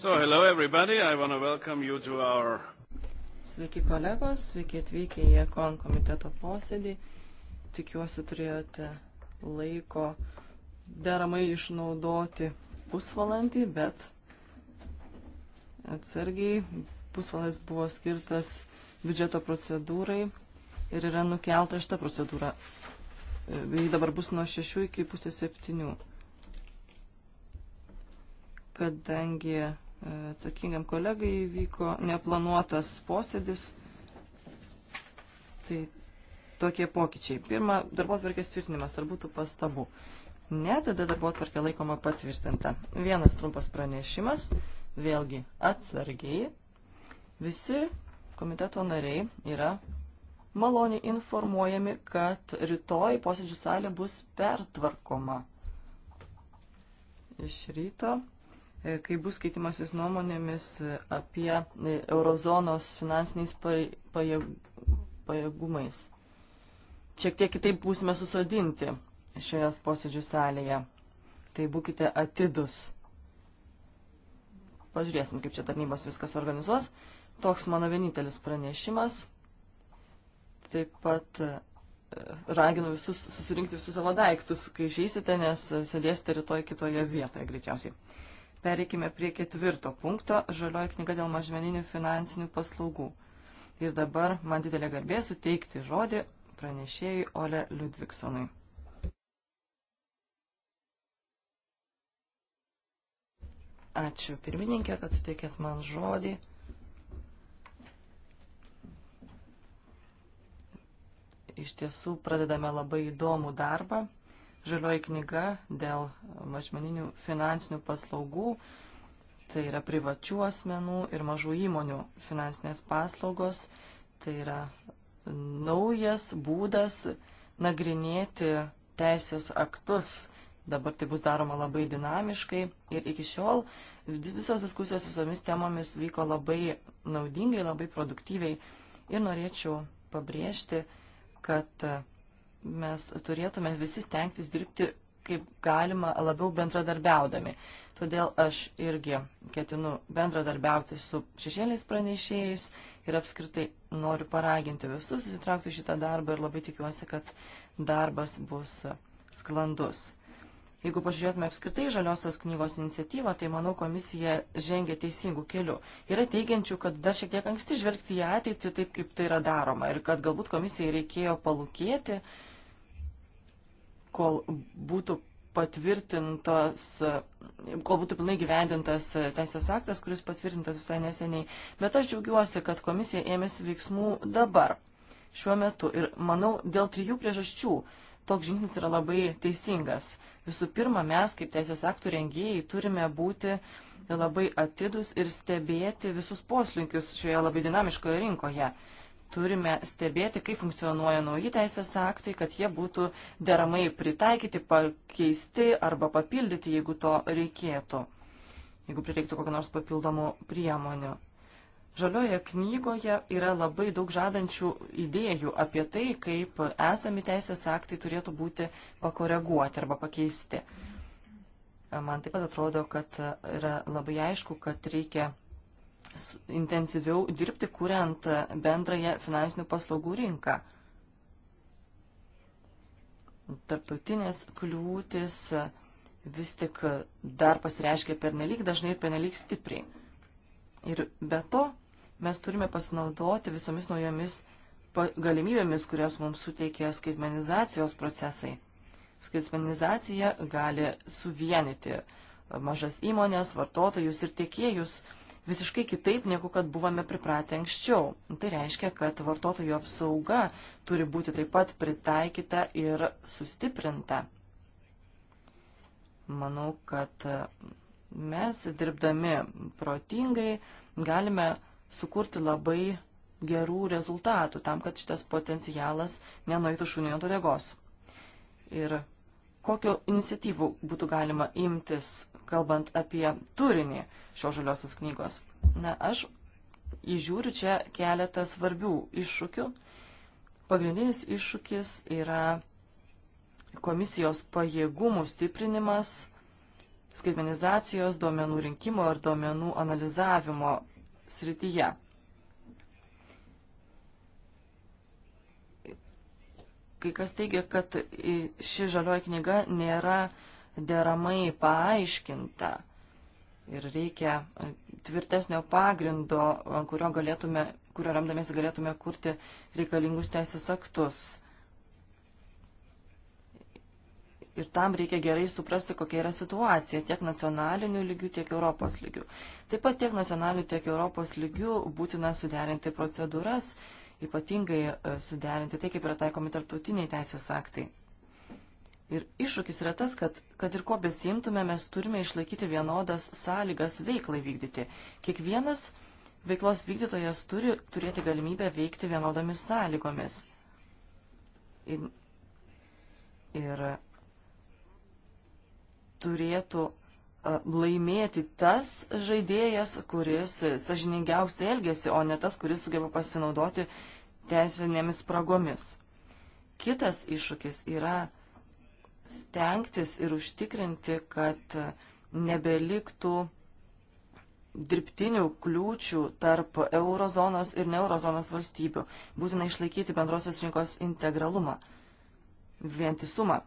So, hello everybody, I want to welcome you to our. Sveiki kolegos, sveiki atvykę į Ekon komiteto posėdį. Tikiuosi turėjote laiko deramai išnaudoti pusvalandį, bet atsargiai pusvalandis buvo skirtas biudžeto procedūrai ir yra nukelta šita procedūra. Jis dabar bus nuo 6 iki pusės 7. Kadangi atsakingam kolegai vyko neplanuotas posėdis. Tai tokie pokyčiai. Pirma, darbo atvarkės tvirtinimas, ar būtų pastabų. Ne, tada darbo atvarkė laikoma patvirtinta. Vienas trumpas pranešimas, vėlgi atsargiai. Visi komiteto nariai yra maloniai informuojami, kad rytoj posėdžių salė bus pertvarkoma. Iš ryto E, kai bus keitimasis nuomonėmis apie e, eurozonos finansiniais pajėgumais. Šiek tiek kitaip būsime susodinti šioje posėdžių salėje. Tai būkite atidus. Pažiūrėsim, kaip čia tarnybos viskas organizuos. Toks mano vienintelis pranešimas. Taip pat e, raginu visus susirinkti visus savo daiktus, kai išeisite, nes sėdėsite rytoj kitoje vietoje greičiausiai. Pereikime prie ketvirto punkto – žalioji knyga dėl mažmeninių finansinių paslaugų. Ir dabar man didelė garbė suteikti žodį pranešėjui Ole Ludvigsonui. Ačiū pirmininkė, kad suteikėt man žodį. Iš tiesų pradedame labai įdomų darbą žalioji knyga dėl mažmeninių finansinių paslaugų, tai yra privačių asmenų ir mažų įmonių finansinės paslaugos, tai yra naujas būdas nagrinėti teisės aktus. Dabar tai bus daroma labai dinamiškai ir iki šiol visos diskusijos visomis temomis vyko labai naudingai, labai produktyviai. Ir norėčiau pabrėžti, kad mes turėtume visi stengtis dirbti kaip galima labiau bendradarbiaudami. Todėl aš irgi ketinu bendradarbiauti su šešėliais pranešėjais ir apskritai noriu paraginti visus įsitraukti šitą darbą ir labai tikiuosi, kad darbas bus sklandus. Jeigu pažiūrėtume apskritai žaliosios knygos iniciatyvą, tai manau komisija žengia teisingų kelių. Yra teigiančių, kad dar šiek tiek anksti žvelgti į ateitį taip, kaip tai yra daroma ir kad galbūt komisijai reikėjo palūkėti, uh, kol būtų patvirtintos, kol būtų pilnai gyvendintas teisės aktas, kuris patvirtintas visai neseniai. Bet aš džiaugiuosi, kad komisija ėmėsi veiksmų dabar, šiuo metu. Ir manau, dėl trijų priežasčių toks žingsnis yra labai teisingas. Visų pirma, mes kaip teisės aktų rengėjai turime būti labai atidus ir stebėti visus poslinkius šioje labai dinamiškoje rinkoje turime stebėti, kaip funkcionuoja nauji teisės aktai, kad jie būtų deramai pritaikyti, pakeisti arba papildyti, jeigu to reikėtų, jeigu prireiktų kokio nors papildomų priemonių. Žalioje knygoje yra labai daug žadančių idėjų apie tai, kaip esami teisės aktai turėtų būti pakoreguoti arba pakeisti. Man taip pat atrodo, kad yra labai aišku, kad reikia intensyviau dirbti, kuriant bendrąją finansinių paslaugų rinką. Tarptautinės kliūtis vis tik dar pasireiškia pernelyg dažnai ir pernelyg stipriai. Ir be to mes turime pasinaudoti visomis naujomis galimybėmis, kurias mums suteikė skaitmenizacijos procesai. Skaitmenizacija gali suvienyti mažas įmonės, vartotojus ir tiekėjus visiškai kitaip, negu kad buvome pripratę anksčiau. Tai reiškia, kad vartotojų apsauga turi būti taip pat pritaikyta ir sustiprinta. Manau, kad mes, dirbdami protingai, galime sukurti labai gerų rezultatų tam, kad šitas potencialas nenueitų šunio ant odegos. Ir kokio iniciatyvų būtų galima imtis kalbant apie turinį šios žaliosios knygos. Na, aš įžiūriu čia keletą svarbių iššūkių. Pagrindinis iššūkis yra komisijos pajėgumų stiprinimas, skaitmenizacijos, duomenų rinkimo ir duomenų analizavimo srityje. Kai kas teigia, kad ši žalioji knyga nėra deramai paaiškinta ir reikia tvirtesnio pagrindo, kurio, galėtume, kurio ramdamėsi galėtume kurti reikalingus teisės aktus. Ir tam reikia gerai suprasti, kokia yra situacija tiek nacionaliniu lygiu, tiek Europos lygiu. Taip pat tiek nacionaliniu, tiek Europos lygiu būtina suderinti procedūras, ypatingai e, suderinti tai, kaip yra taikomi tarptautiniai teisės aktai. Ir iššūkis yra tas, kad, kad ir ko besimtume, mes turime išlaikyti vienodas sąlygas veiklai vykdyti. Kiekvienas veiklos vykdytojas turi turėti galimybę veikti vienodomis sąlygomis. Ir, ir turėtų laimėti tas žaidėjas, kuris sažiningiausiai elgesi, o ne tas, kuris sugeba pasinaudoti teisinėmis spragomis. Kitas iššūkis yra stengtis ir užtikrinti, kad nebeliktų dirbtinių kliūčių tarp eurozonos ir neurozonos valstybių. Būtina išlaikyti bendrosios rinkos integralumą, vientisumą.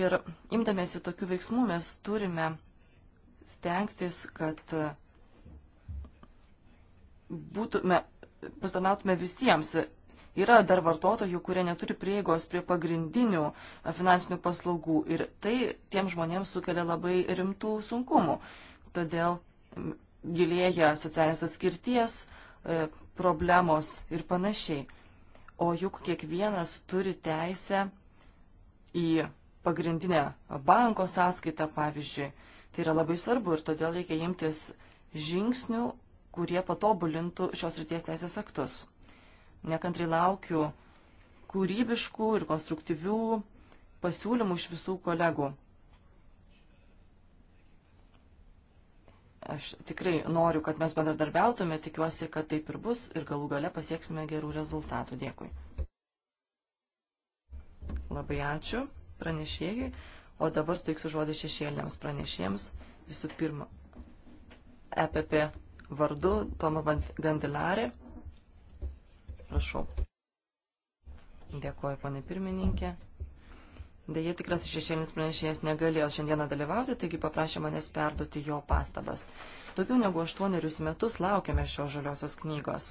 Ir imdamėsi tokių veiksmų mes turime stengtis, kad būtume, pasitarnautume visiems Yra dar vartotojų, kurie neturi prieigos prie pagrindinių e, finansinių paslaugų ir tai tiem žmonėms sukelia labai rimtų sunkumų. Todėl gilėja socialinės atskirties e, problemos ir panašiai. O juk kiekvienas turi teisę į pagrindinę banko sąskaitą, pavyzdžiui. Tai yra labai svarbu ir todėl reikia imtis žingsnių, kurie patobulintų šios ryties teisės aktus. Nekantrai laukiu kūrybiškų ir konstruktyvių pasiūlymų iš visų kolegų. Aš tikrai noriu, kad mes bendradarbiautume, tikiuosi, kad taip ir bus ir galų gale pasieksime gerų rezultatų. Dėkui. Labai ačiū pranešėjai, o dabar steiksiu žodį šešėliams pranešėjams. Visų pirma, EPP vardu Toma Gandilarė. Prašau. Dėkuoju, ponė pirmininkė. Deja, tikras šešėlinis pranešėjas negalėjo šiandieną dalyvauti, taigi paprašė manęs perduoti jo pastabas. Daugiau negu aštuonerius metus laukiame šios žaliosios knygos.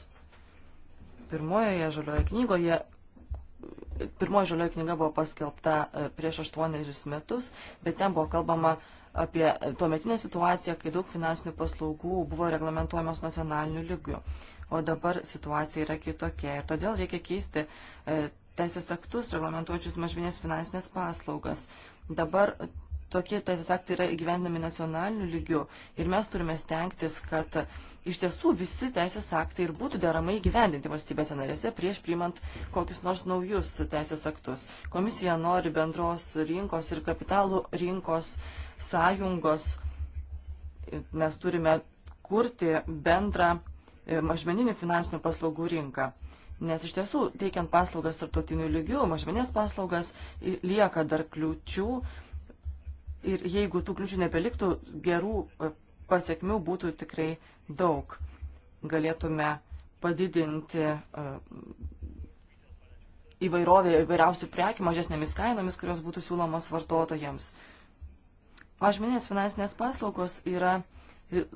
Pirmojoje žalioje knygoje, pirmoji žalioji knyga buvo paskelbta e, prieš aštuonerius metus, bet ten buvo kalbama apie e, tuometinę situaciją, kai daug finansinių paslaugų buvo reglamentuojamos nacionaliniu lygiu o dabar situacija yra kitokia. Ir todėl reikia keisti e, teisės aktus reglamentuojančius mažminės finansinės paslaugas. Dabar tokie teisės aktai yra įgyvendami nacionaliniu lygiu ir mes turime stengtis, kad iš tiesų visi teisės aktai ir būtų deramai įgyvendinti valstybėse narėse prieš priimant kokius nors naujus teisės aktus. Komisija nori bendros rinkos ir kapitalų rinkos sąjungos. Mes turime kurti bendrą E, mažmeninį finansinių paslaugų rinką. Nes iš tiesų, teikiant paslaugas tarptautinių lygių, mažmenės paslaugas lieka dar kliūčių ir jeigu tų kliūčių nebeliktų, gerų e, pasiekmių būtų tikrai daug. Galėtume padidinti e, įvairovę įvairiausių prekių mažesnėmis kainomis, kurios būtų siūlomos vartotojams. Mažmenės finansinės paslaugos yra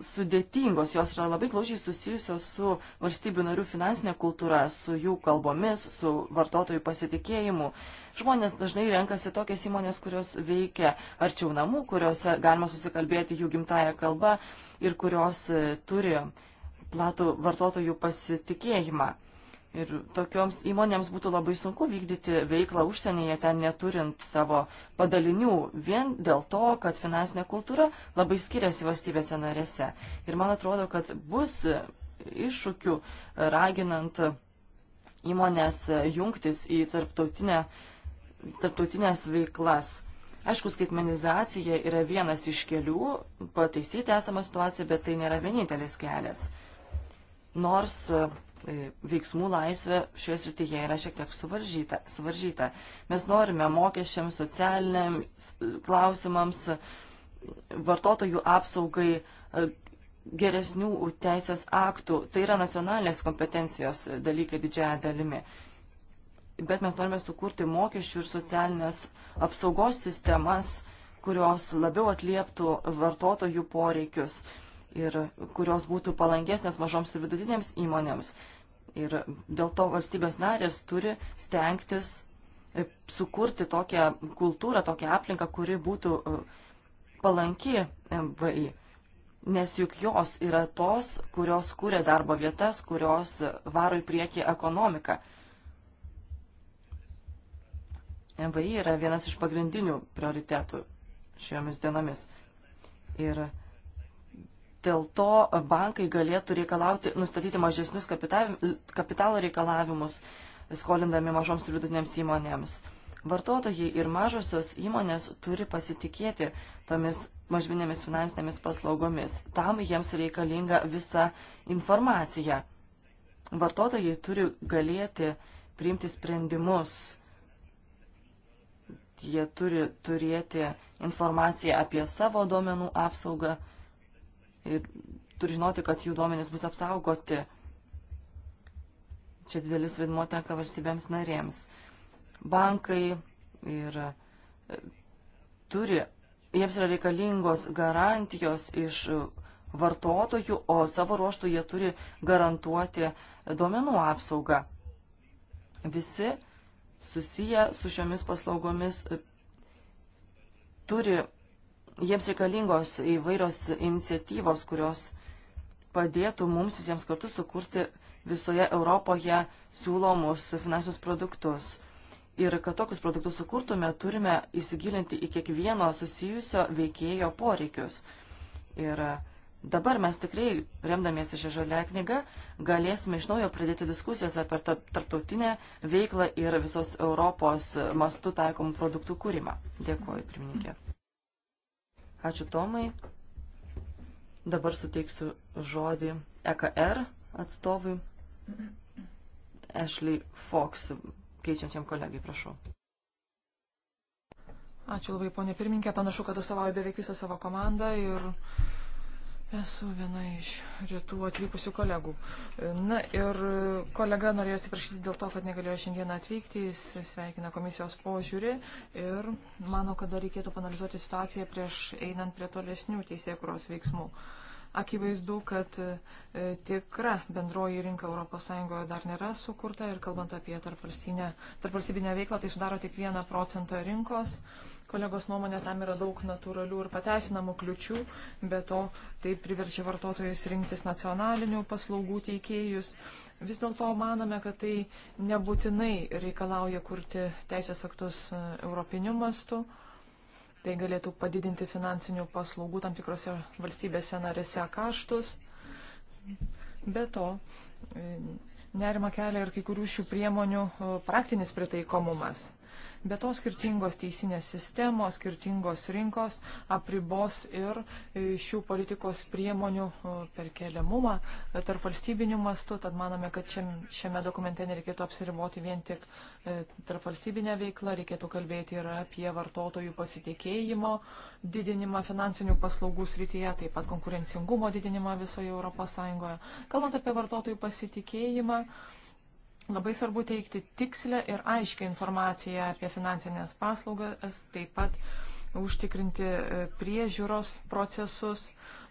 sudėtingos, jos yra labai glaužiai susijusios su valstybių narių finansinė kultūra, su jų kalbomis, su vartotojų pasitikėjimu. Žmonės dažnai renkasi tokias įmonės, kurios veikia arčiau namų, kuriuose galima susikalbėti jų gimtają kalbą ir kurios e, turi platų vartotojų pasitikėjimą. Ir tokioms įmonėms būtų labai sunku vykdyti veiklą užsienyje ten neturint savo padalinių, vien dėl to, kad finansinė kultūra labai skiriasi valstybėse narėse. Ir man atrodo, kad bus iššūkių raginant įmonės jungtis į tarptautinę, tarptautinės veiklas. Aišku, skaitmenizacija yra vienas iš kelių pataisyti esamą situaciją, bet tai nėra vienintelis kelias. Nors E, veiksmų laisvė šioje srityje yra šiek tiek suvaržyta. suvaržyta. Mes norime mokesčiams, socialiniam klausimams, vartotojų apsaugai e, geresnių teisės aktų. Tai yra nacionalinės kompetencijos dalykai didžiaja dalimi. Bet mes norime sukurti mokesčių ir socialinės apsaugos sistemas, kurios labiau atlieptų vartotojų poreikius ir kurios būtų palankesnės mažoms ir vidutinėms įmonėms. Ir dėl to valstybės narės turi stengtis e, sukurti tokią kultūrą, tokią aplinką, kuri būtų e, palanki MVI. Nes juk jos yra tos, kurios kūrė darbo vietas, kurios e, varo į priekį ekonomiką. MVI yra vienas iš pagrindinių prioritetų šiomis dienomis. Ir Dėl to bankai galėtų reikalauti, nustatyti mažesnius kapitalo reikalavimus, skolindami mažoms ir vidutinėms įmonėms. Vartotojai ir mažosios įmonės turi pasitikėti tomis mažvinėmis finansinėmis paslaugomis. Tam jiems reikalinga visa informacija. Vartotojai turi galėti priimti sprendimus. Jie turi turėti informaciją apie savo duomenų apsaugą ir turi žinoti, kad jų duomenys bus apsaugoti. Čia didelis vaidmuo tenka valstybėms narėms. Bankai ir e, turi, jiems yra reikalingos garantijos iš vartotojų, o savo ruoštų jie turi garantuoti duomenų apsaugą. Visi susiję su šiomis paslaugomis e, turi Jiems reikalingos įvairios iniciatyvos, kurios padėtų mums visiems kartu sukurti visoje Europoje siūlomus finansinius produktus. Ir kad tokius produktus sukurtume, turime įsigilinti į kiekvieno susijusio veikėjo poreikius. Ir dabar mes tikrai, remdamiesi šią žalę knygą, galėsime iš naujo pradėti diskusijas apie tarptautinę veiklą ir visos Europos mastų taikomų produktų kūrimą. Dėkuoju, pirmininkė. Ačiū Tomai. Dabar suteiksiu žodį EKR atstovui Ashley Fox, keičiančiam kolegai, prašau. Ačiū labai, ponė pirminkė, panašu, kad atstovauju beveik visą savo komandą ir Esu viena iš rytų atvykusių kolegų. Na ir kolega norėjo atsiprašyti dėl to, kad negalėjo šiandieną atvykti. Jis sveikina komisijos požiūrį ir mano, kad dar reikėtų panalizuoti situaciją prieš einant prie tolesnių teisėkuros veiksmų. Akivaizdu, kad e, tikra bendroji rinka ES dar nėra sukurta ir kalbant apie tarpvalstybinę tarp veiklą, tai sudaro tik vieną procentą rinkos. Uh, Kolegos nuomonė tam yra daug natūralių ir pateisinamų kliučių, bet to tai priverčia vartotojus rinktis nacionalinių paslaugų teikėjus. Vis dėlto manome, kad tai nebūtinai reikalauja kurti teisės aktus e, europiniu mastu. Tai galėtų padidinti finansinių paslaugų tam tikrose valstybėse narėse kaštus. Be to, e, nerima kelia ir kai kurių šių priemonių e, praktinis pritaikomumas. Be to skirtingos teisinės sistemos, skirtingos rinkos apribos ir e, šių politikos priemonių e, perkeliamumą e, tarp valstybinių mastų, tad manome, kad šiame dokumente nereikėtų apsiriboti vien tik tarp valstybinę veiklą, reikėtų kalbėti ir apie vartotojų pasitikėjimo didinimą finansinių paslaugų srityje, taip pat konkurencingumo didinimą visoje ES. Kalbant apie vartotojų pasitikėjimą, Labai svarbu teikti tikslę ir aiškę informaciją apie finansinės paslaugas, taip pat užtikrinti e, priežiūros procesus.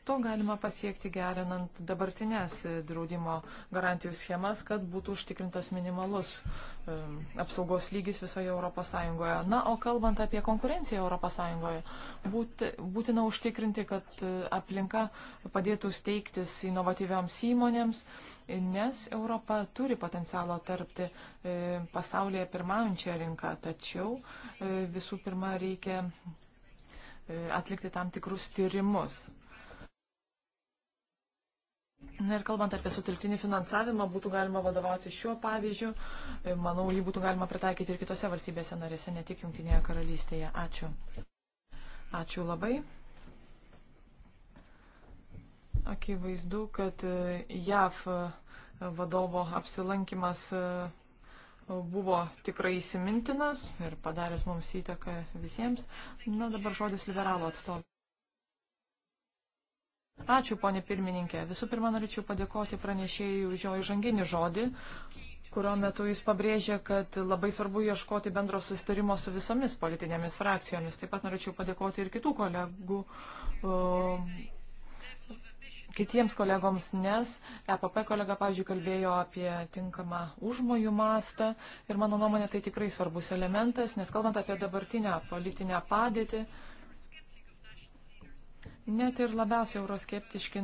To galima pasiekti gerinant dabartinės e, draudimo garantijų schemas, kad būtų užtikrintas minimalus e, apsaugos lygis visoje ES. Na, o kalbant apie konkurenciją ES, būt, būtina užtikrinti, kad aplinka padėtų steigtis inovatyviams įmonėms, nes Europa turi potencialo tarpti e, pasaulyje pirmaujančią rinką, tačiau e, visų pirma reikia e, atlikti tam tikrus tyrimus. Na ir kalbant apie sutelktinį finansavimą, būtų galima vadovauti šiuo pavyzdžiu. Manau, jį būtų galima pritaikyti ir kitose valstybėse narėse, ne tik Junktinėje karalystėje. Ačiū. Ačiū labai. Akivaizdu, kad e, JAV e, vadovo apsilankimas e, buvo tikrai įsimintinas ir padaręs mums įtaką visiems. Na, dabar žodis liberalų atstovai. Ačiū, ponė pirmininkė. Visų pirma, norėčiau padėkoti pranešėjai už jo įžanginį žodį, kurio metu jis pabrėžė, kad labai svarbu ieškoti bendro sustarimo su visomis politinėmis frakcijomis. Taip pat norėčiau padėkoti ir kitų kolegų uh, kitiems kolegoms, nes EPP kolega, pavyzdžiui, kalbėjo apie tinkamą užmojų mastą ir mano nuomonė tai tikrai svarbus elementas, nes kalbant apie dabartinę politinę padėtį, net ir labiausiai euroskeptiški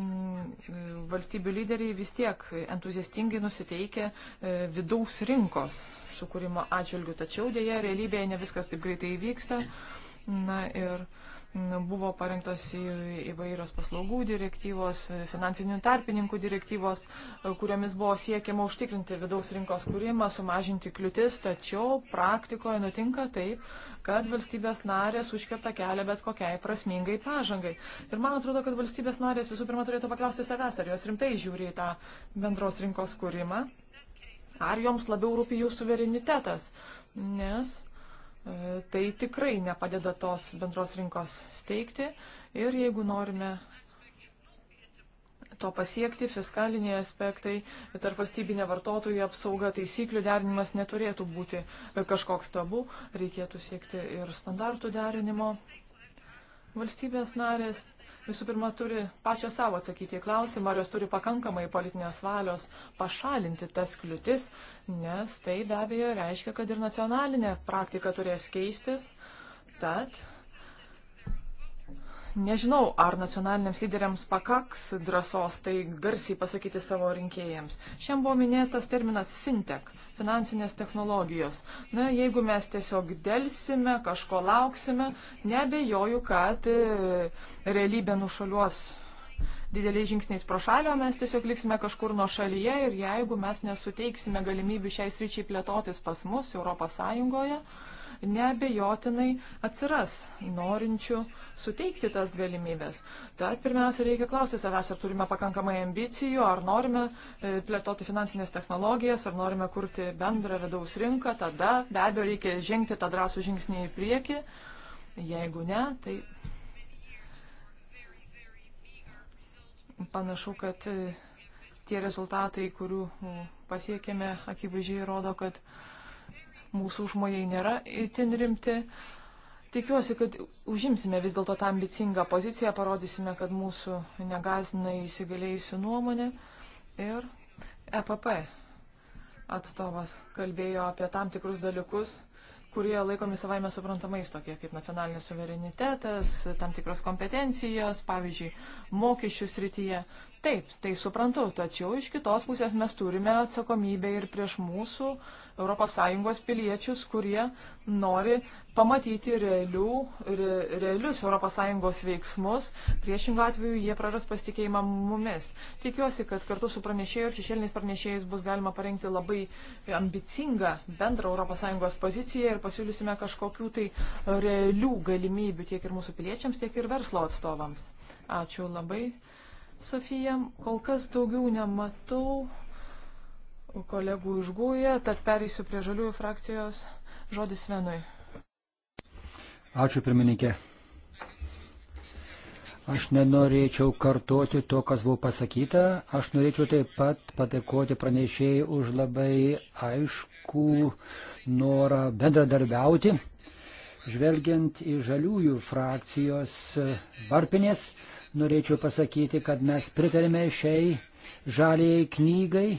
valstybių lyderiai vis tiek entuziastingai nusiteikia e, vidaus rinkos sukūrimo atžvilgių, tačiau dėja realybėje ne viskas taip greitai įvyksta. Na ir uh, buvo parengtos įvairios paslaugų direktyvos, finansinių tarpininkų direktyvos, kuriomis buvo siekiama užtikrinti vidaus rinkos kūrimą, sumažinti kliūtis, tačiau praktikoje nutinka taip, kad valstybės narės užkerta kelią bet kokiai prasmingai pažangai. Ir man atrodo, kad valstybės narės visų pirma turėtų paklausti savęs, ar jos rimtai žiūri į tą bendros rinkos kūrimą, ar joms labiau rūpi jų suverenitetas. Nes E, tai tikrai nepadeda tos bendros rinkos steigti. Ir jeigu norime to pasiekti, fiskaliniai aspektai, tarp valstybinė vartotojų apsauga, taisyklių derinimas neturėtų būti kažkoks tabu, reikėtų siekti ir standartų derinimo. Valstybės narės visų pirma turi pačios savo atsakyti į klausimą, ar jos turi pakankamai politinės valios pašalinti tas kliūtis, nes tai be abejo reiškia, kad ir nacionalinė praktika turės keistis. Tad nežinau, ar nacionaliniams lyderiams pakaks drąsos tai garsiai pasakyti savo rinkėjams. Šiandien buvo minėtas terminas fintech finansinės technologijos. Na, jeigu mes tiesiog dėlsime, kažko lauksime, nebejoju, kad e, realybė nušaliuos dideliais žingsniais pro šalį, o mes tiesiog liksime kažkur nuo šalyje ir jeigu mes nesuteiksime galimybių šiais ryčiai plėtotis pas mus Europos Sąjungoje, neabejotinai atsiras norinčių suteikti tas galimybės. Tad pirmiausia, reikia klausti savęs, ar turime pakankamai ambicijų, ar norime e, plėtoti finansinės technologijas, ar norime kurti bendrą vidaus rinką. Tada be abejo reikia žengti tą drąsų žingsnį į priekį. Jeigu ne, tai panašu, kad e, tie rezultatai, kurių pasiekėme, akivaizdžiai rodo, kad uh, mūsų užmojai nėra itin rimti. Tikiuosi, kad užimsime vis dėlto tą ambicingą poziciją, parodysime, kad mūsų negazina įsigalėjusių nuomonė. Ir EPP atstovas kalbėjo apie tam tikrus dalykus, kurie laikomi savaime suprantamais, tokie kaip nacionalinis suverenitetas, tam tikros kompetencijos, pavyzdžiui, mokesčių srityje. Taip, tai suprantu, tačiau iš kitos pusės mes turime atsakomybę ir prieš mūsų ES piliečius, kurie nori pamatyti realių, re, realius ES veiksmus, priešingų atveju jie praras pasitikėjimą mumis. Tikiuosi, kad kartu su pranešėjų ir šešėliniais pranešėjais bus galima parengti labai ambicingą bendrą ES poziciją ir pasiūlysime kažkokių tai realių galimybių tiek ir mūsų piliečiams, tiek ir verslo atstovams. Ačiū labai. Sofija, kol kas daugiau nematau kolegų išgūję, tad perėsiu prie žaliųjų frakcijos. Žodis Venui. Ačiū, pirmininkė. Aš nenorėčiau kartoti to, kas buvo pasakyta. Aš norėčiau taip pat padėkoti pranešėjai už labai aišku norą bendradarbiauti. Žvelgiant į žaliųjų frakcijos varpinės, norėčiau pasakyti, kad mes pritarėme šiai žaliai knygai,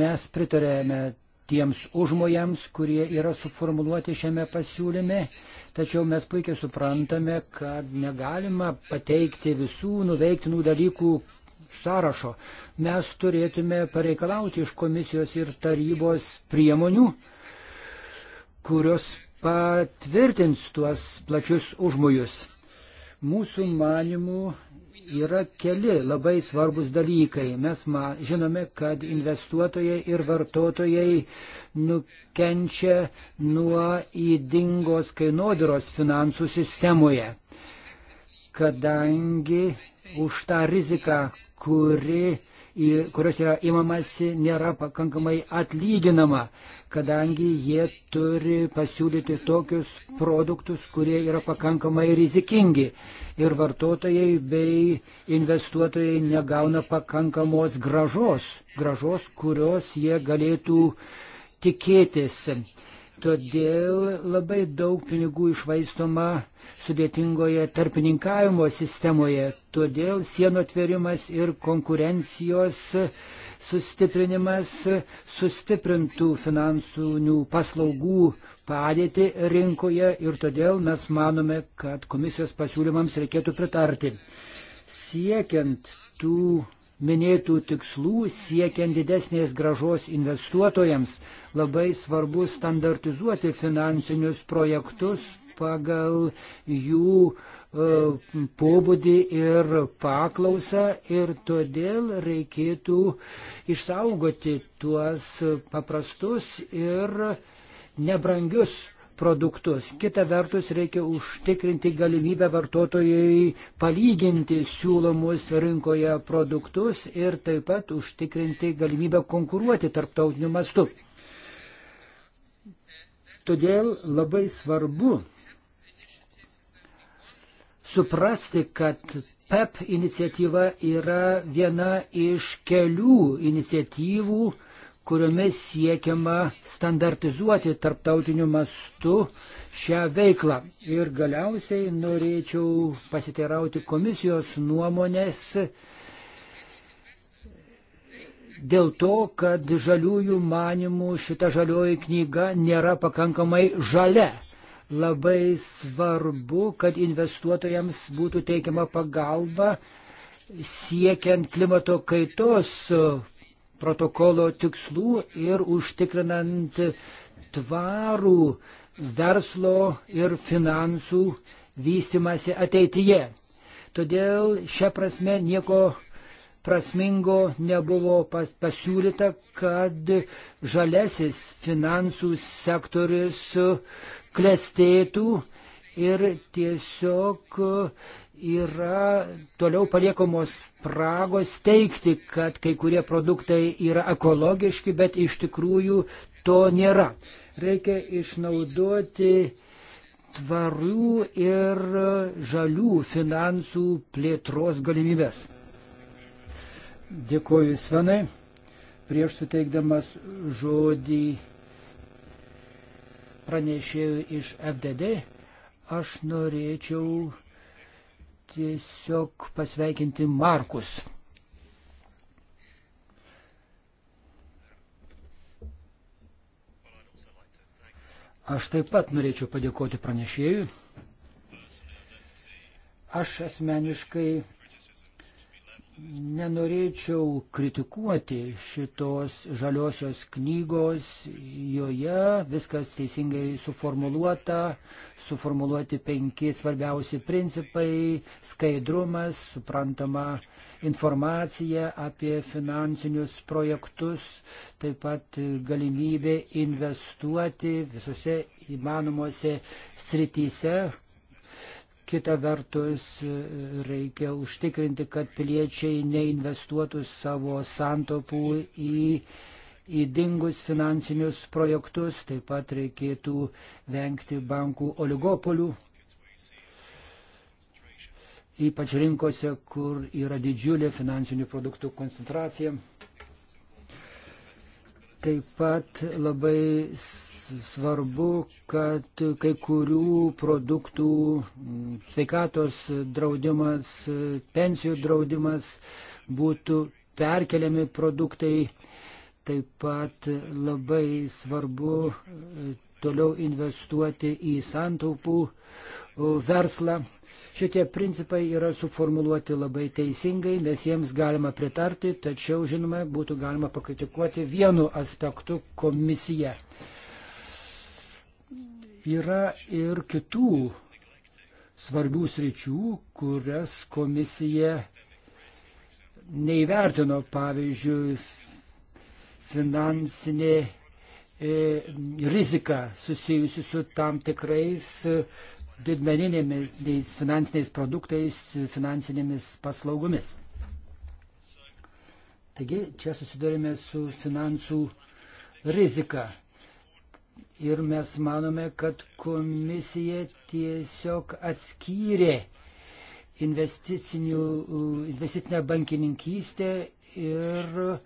mes pritarėme tiems užmojams, kurie yra suformuluoti šiame pasiūlyme, tačiau mes puikiai suprantame, kad negalima pateikti visų nuveiktinų dalykų sąrašo. Mes turėtume pareikalauti iš komisijos ir tarybos priemonių, kurios patvirtins tuos plačius užmojus. Mūsų manimų yra keli labai svarbus dalykai. Mes ma, žinome, kad investuotojai ir vartotojai nukenčia nuo įdingos kainodaros finansų sistemoje, kadangi už tą riziką, kuri, kurios yra imamasi, nėra pakankamai atlyginama kadangi jie turi pasiūlyti tokius produktus, kurie yra pakankamai rizikingi ir vartotojai bei investuotojai negauna pakankamos gražos, gražos, kurios jie galėtų tikėtis. Todėl labai daug pinigų išvaistoma sudėtingoje tarpininkavimo sistemoje. Todėl sienų atverimas ir konkurencijos sustiprinimas sustiprintų finansinių paslaugų padėti rinkoje ir todėl mes manome, kad komisijos pasiūlymams reikėtų pritarti. Siekiant tų minėtų tikslų siekiant didesnės gražos investuotojams labai svarbu standartizuoti finansinius projektus pagal jų e, pobūdį ir paklausą ir todėl reikėtų išsaugoti tuos paprastus ir nebrangius produktus. Kita vertus, reikia užtikrinti galimybę vartotojai palyginti siūlomus rinkoje produktus ir taip pat užtikrinti galimybę konkuruoti tarptautiniu mastu. Todėl labai svarbu suprasti, kad PEP e iniciatyva yra viena iš kelių iniciatyvų, kuriomis siekiama standartizuoti tarptautiniu mastu šią veiklą. Ir galiausiai norėčiau pasiteirauti komisijos nuomonės dėl to, kad žaliųjų manimų šita žalioji knyga nėra pakankamai žalia. Labai svarbu, kad investuotojams būtų teikiama pagalba siekiant klimato kaitos protokolo tikslų ir užtikrinant tvarų verslo ir finansų vystimasi ateityje. Todėl šią prasme nieko prasmingo nebuvo pas, pasiūlyta, kad žalesis finansų sektorius klestėtų ir tiesiog yra toliau paliekamos pragos teikti, kad kai kurie produktai yra ekologiški, bet iš tikrųjų to nėra. Reikia išnaudoti tvarių ir žalių finansų plėtros galimybės. Dėkoju Svenai. Prieš suteikdamas žodį pranešėjų iš FDD, aš norėčiau tiesiog pasveikinti Markus. Aš taip pat norėčiau padėkoti pranešėjui. Aš asmeniškai nenorėčiau kritikuoti šitos žaliosios knygos, joje viskas teisingai suformuluota, suformuluoti penki svarbiausi principai - skaidrumas, suprantama informacija apie finansinius projektus, taip pat galimybė investuoti visose įmanomuose srityse, Kita vertus, reikia užtikrinti, kad piliečiai neinvestuotų savo santopų į įdingus finansinius projektus. Taip pat reikėtų vengti bankų oligopolių, ypač rinkose, kur yra didžiulė finansinių produktų koncentracija. Taip pat labai svarbu, kad kai kurių produktų mm, sveikatos draudimas, pensijų draudimas būtų perkeliami produktai. Taip pat labai svarbu e, toliau investuoti į santaupų verslą. Šitie principai yra suformuluoti labai teisingai, mes jiems galima pritarti, tačiau, žinoma, būtų galima pakritikuoti vienu aspektu komisiją. Yra ir kitų svarbių sričių, kurias komisija neįvertino, pavyzdžiui, finansinė e, rizika susijusi su tam tikrais e, didmeninėmis finansiniais produktais, finansinėmis paslaugomis. Taigi čia susidurime su finansų rizika ir mes manome, kad komisija tiesiog atskyrė investicinę bankininkystę ir e,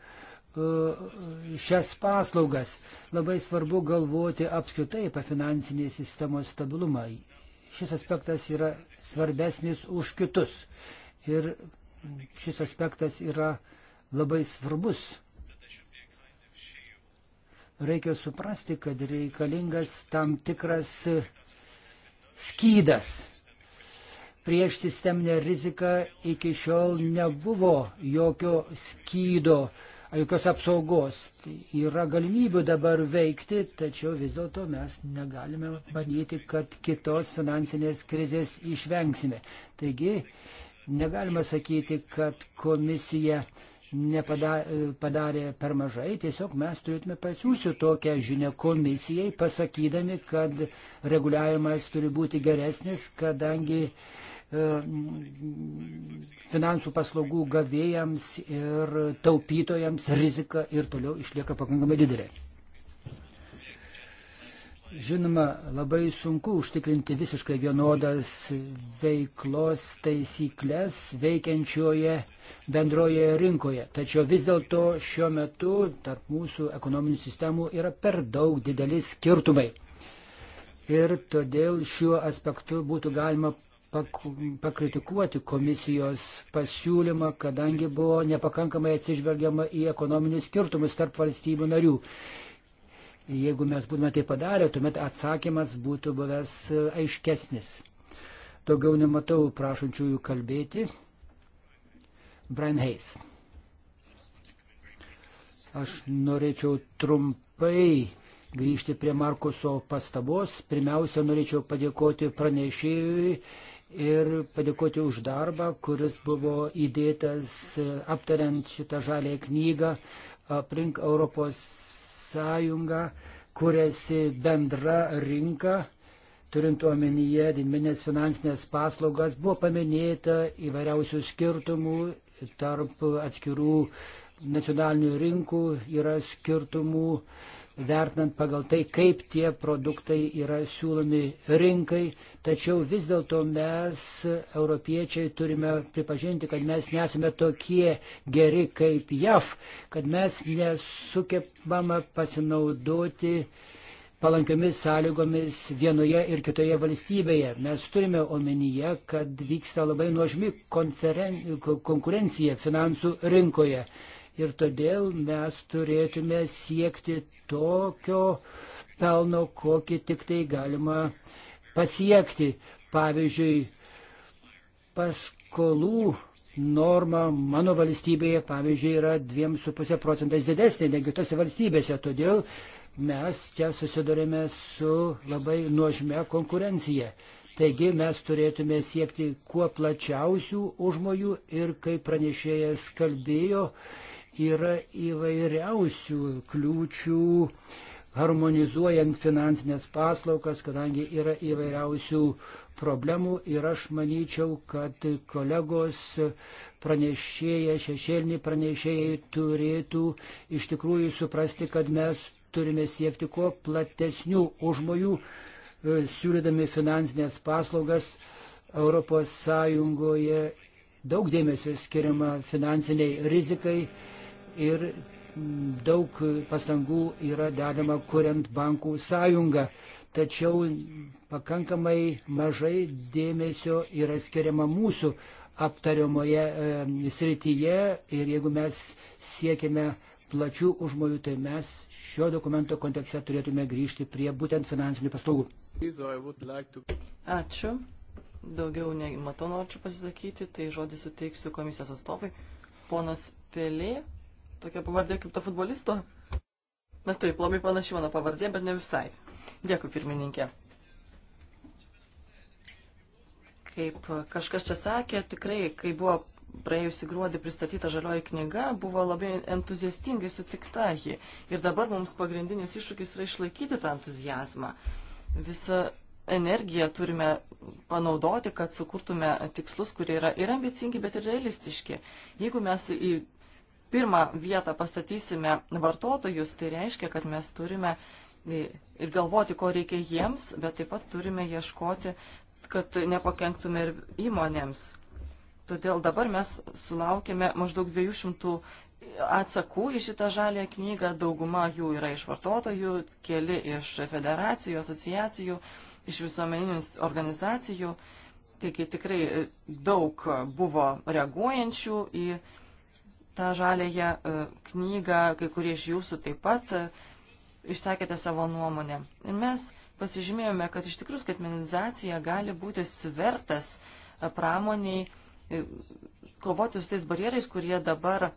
šias paslaugas. Labai svarbu galvoti apskritai apie finansinės sistemos stabilumą. Šis aspektas yra svarbesnis už kitus. Ir šis aspektas yra labai svarbus reikia suprasti, kad reikalingas tam tikras skydas. Prieš sisteminę riziką iki šiol nebuvo jokio skydo, jokios apsaugos. Tai yra galimybių dabar veikti, tačiau vis dėlto mes negalime manyti, kad kitos finansinės krizės išvengsime. Taigi negalima sakyti, kad komisija uh, nepadarė per mažai, tiesiog mes turėtume pasiūsti tokią žinę komisijai, pasakydami, kad reguliavimas turi būti geresnis, kadangi e, finansų paslaugų gavėjams ir taupytojams rizika ir toliau išlieka pakankamai didelė. Žinoma, labai sunku užtikrinti visiškai vienodas veiklos taisyklės veikiančioje bendroje rinkoje. Tačiau vis dėlto šiuo metu tarp mūsų ekonominių sistemų yra per daug dideli skirtumai. Ir todėl šiuo aspektu būtų galima pakritikuoti komisijos pasiūlymą, kadangi buvo nepakankamai atsižvelgiama į ekonominius skirtumus tarp valstybių narių. Jeigu mes būtume tai padarę, tuomet atsakymas būtų buvęs e, aiškesnis. Daugiau nematau prašančiųjų kalbėti. Brian Hayes. Aš norėčiau trumpai grįžti prie Markuso pastabos. Pirmiausia, norėčiau padėkoti pranešėjui ir padėkoti už darbą, kuris buvo įdėtas e, aptariant šitą žalę knygą aplink Europos sąjunga, kuriasi bendra rinka, turint omenyje didmenės finansinės paslaugas, buvo paminėta įvairiausių skirtumų tarp atskirų nacionalinių rinkų, yra skirtumų uh, vertinant pagal tai, kaip tie produktai yra siūlomi rinkai, tačiau vis dėlto mes, europiečiai, turime pripažinti, kad mes nesame tokie geri kaip JAV, kad mes nesukebame pasinaudoti palankiomis sąlygomis vienoje ir kitoje valstybėje. Mes turime omenyje, kad vyksta labai nuožmi konkurencija finansų rinkoje ir todėl mes turėtume siekti tokio pelno, kokį tik tai galima pasiekti. Pavyzdžiui, paskolų norma mano valstybėje, pavyzdžiui, yra 2,5 procentais didesnė negu tose valstybėse. Todėl mes čia susidurime su labai nuožme konkurencija. Taigi mes turėtume siekti kuo plačiausių užmojų ir kaip pranešėjas kalbėjo, yra įvairiausių kliūčių harmonizuojant finansinės paslaugas, kadangi yra įvairiausių problemų ir aš manyčiau, kad kolegos pranešėjai, šešėliniai pranešėjai turėtų iš tikrųjų suprasti, kad mes turime siekti kuo platesnių užmojų, e, siūlydami finansinės paslaugas Europos Sąjungoje. Daug dėmesio skiriama finansiniai rizikai ir daug pastangų yra dedama kuriant bankų sąjungą, tačiau pakankamai mažai dėmesio yra skiriama mūsų aptariamoje e, srityje ir jeigu mes siekime plačių užmojų, tai mes šio dokumento kontekste turėtume grįžti prie būtent finansinių paslaugų. Ačiū. Daugiau nematau norčių pasisakyti, tai žodį suteiksiu komisijos atstovai. Ponas Pelė, tokia pavardė kaip to futbolisto? Na taip, labai panaši mano pavardė, bet ne visai. Dėkui, pirmininkė. Kaip kažkas čia sakė, tikrai, kai buvo praėjusi gruodį pristatyta žalioji knyga, buvo labai entuziastingai sutikta ji. Ir dabar mums pagrindinis iššūkis yra išlaikyti tą entuzijazmą. Visą energiją turime panaudoti, kad sukurtume tikslus, kurie yra ir ambicingi, bet ir realistiški. Jeigu mes į pirmą vietą pastatysime vartotojus, tai reiškia, kad mes turime e, ir galvoti, ko reikia jiems, bet taip pat turime ieškoti, kad nepakenktume ir įmonėms. Todėl dabar mes sulaukime maždaug 200 atsakų į šitą žalę knygą. Dauguma jų yra iš vartotojų, keli iš federacijų, asociacijų, iš visuomeninių organizacijų. Taigi tikrai daug buvo reaguojančių į tą žalėją e, knygą, kai kurie iš jūsų taip pat e, išsakėte savo nuomonę. Ir mes pasižymėjome, kad iš tikrųjų skaitmenizacija gali būti svertas e, pramoniai kovoti su tais barjerais, kurie dabar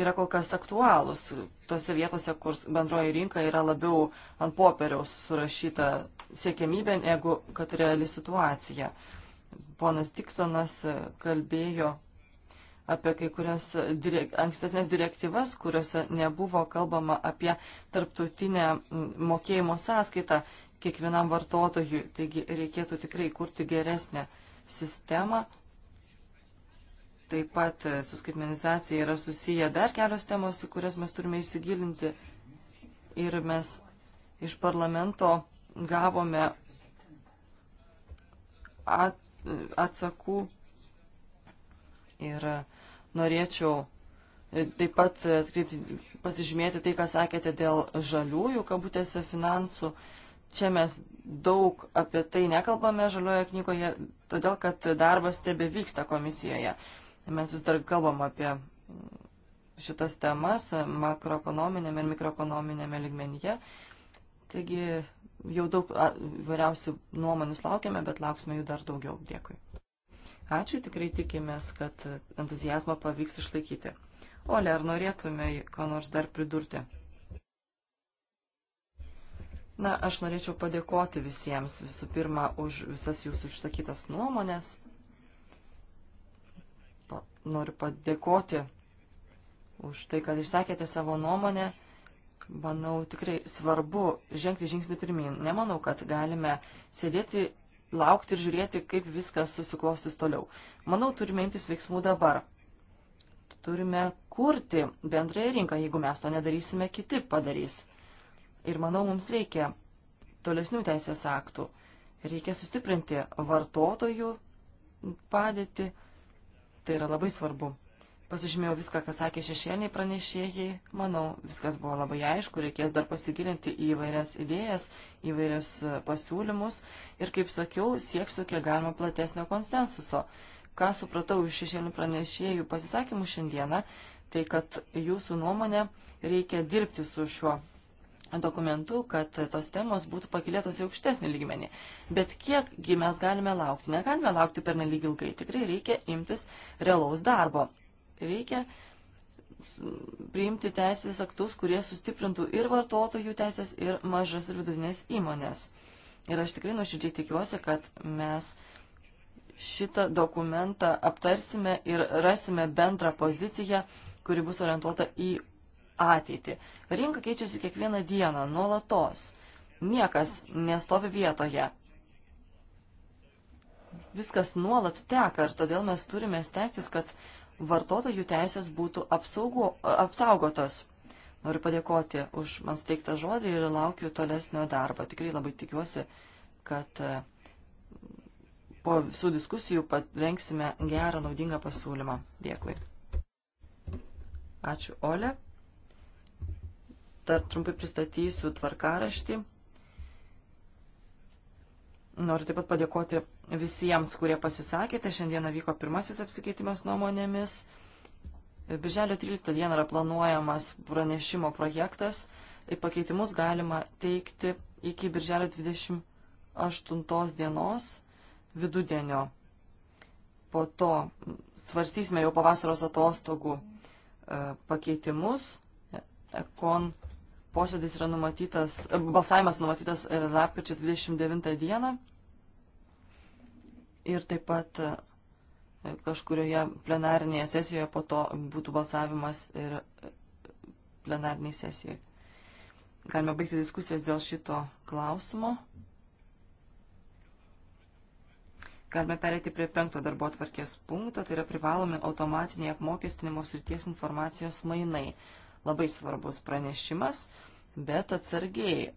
yra kol kas aktualūs. Tose vietose, kur bendroji rinka yra labiau ant popieriaus surašyta siekiamybė, negu kad reali situacija. Ponas Tikstonas kalbėjo apie kai kurias direk, ankstesnės direktyvas, kuriuose nebuvo kalbama apie tarptautinę mokėjimo sąskaitą kiekvienam vartotojui. Taigi reikėtų tikrai kurti geresnę sistemą. Taip pat su skaitmenizacija yra susiję dar kelios temos, į kurias mes turime įsigilinti. Ir mes iš parlamento gavome at, atsakų Ir norėčiau taip pat atkreipti, pasižymėti tai, ką sakėte dėl žaliųjų, kabutėse, finansų. Čia mes daug apie tai nekalbame žalioje knygoje, todėl kad darbas tebe vyksta komisijoje. Mes vis dar kalbam apie šitas temas makroekonominėme ir mikroekonominėme ligmenyje. Taigi jau daug įvairiausių nuomonės laukiame, bet lauksime jų dar daugiau. Dėkui. Ačiū, tikrai tikimės, kad entuzijazmą pavyks išlaikyti. Ole, ar norėtume ką nors dar pridurti? Na, aš norėčiau padėkoti visiems visų pirma už visas jūsų išsakytas nuomonės. Pa, noriu padėkoti už tai, kad išsakėte savo nuomonę. Manau, tikrai svarbu žengti žingsnį pirmin. Nemanau, kad galime sėdėti laukti ir žiūrėti, kaip viskas susiklostys toliau. Manau, turime imtis veiksmų dabar. Turime kurti bendrąją rinką, jeigu mes to nedarysime, kiti padarys. Ir manau, mums reikia tolesnių teisės aktų. Reikia sustiprinti vartotojų padėtį. Tai yra labai svarbu pasižymėjau viską, ką sakė šešėliai pranešėjai. Manau, viskas buvo labai aišku, reikės dar pasigilinti į įvairias idėjas, įvairius e, pasiūlymus ir, kaip sakiau, sieksiu kiek galima platesnio konsensuso. Ką supratau iš šešėlių pranešėjų pasisakymų šiandieną, tai kad jūsų nuomonė reikia dirbti su šiuo dokumentu, kad tos temos būtų pakilėtos į aukštesnį lygmenį. Bet kiekgi mes galime laukti? Negalime laukti per nelig ilgai. Tikrai reikia imtis realaus darbo. Reikia priimti teisės aktus, kurie sustiprintų ir vartotojų teisės, ir mažas ir vidutinės įmonės. Ir aš tikrai nuoširdžiai tikiuosi, kad mes šitą dokumentą aptarsime ir rasime bendrą poziciją, kuri bus orientuota į ateitį. Rinka keičiasi kiekvieną dieną, nuolatos. Niekas nestovi vietoje. Viskas nuolat teka ir todėl mes turime stengtis, kad vartotojų teisės būtų apsaugo, apsaugotos. Noriu padėkoti už man suteiktą žodį ir laukiu tolesnio darbo. Tikrai labai tikiuosi, kad e, po visų diskusijų parengsime gerą, naudingą pasiūlymą. Dėkui. Ačiū, Ole. Dar trumpai pristatysiu tvarkaraštį. Noriu taip pat padėkoti visiems, kurie pasisakėte. Šiandieną vyko pirmasis apsikeitimas nuomonėmis. Birželio 13 dieną yra planuojamas pranešimo projektas. Tai pakeitimus galima teikti iki birželio 28 dienos vidudienio. Po to svarstysime jau pavasaros atostogų e, pakeitimus. Kon posėdis yra numatytas, e, balsavimas numatytas e, lapkričio 29 dieną ir taip pat e, kažkurioje plenarinėje sesijoje po to būtų balsavimas ir e, plenariniai sesijoje. Galime baigti diskusijas dėl šito klausimo. Galime perėti prie penkto darbo atvarkės punkto, tai yra privalomi automatiniai apmokestinimo srities informacijos mainai. Labai svarbus pranešimas, bet atsargiai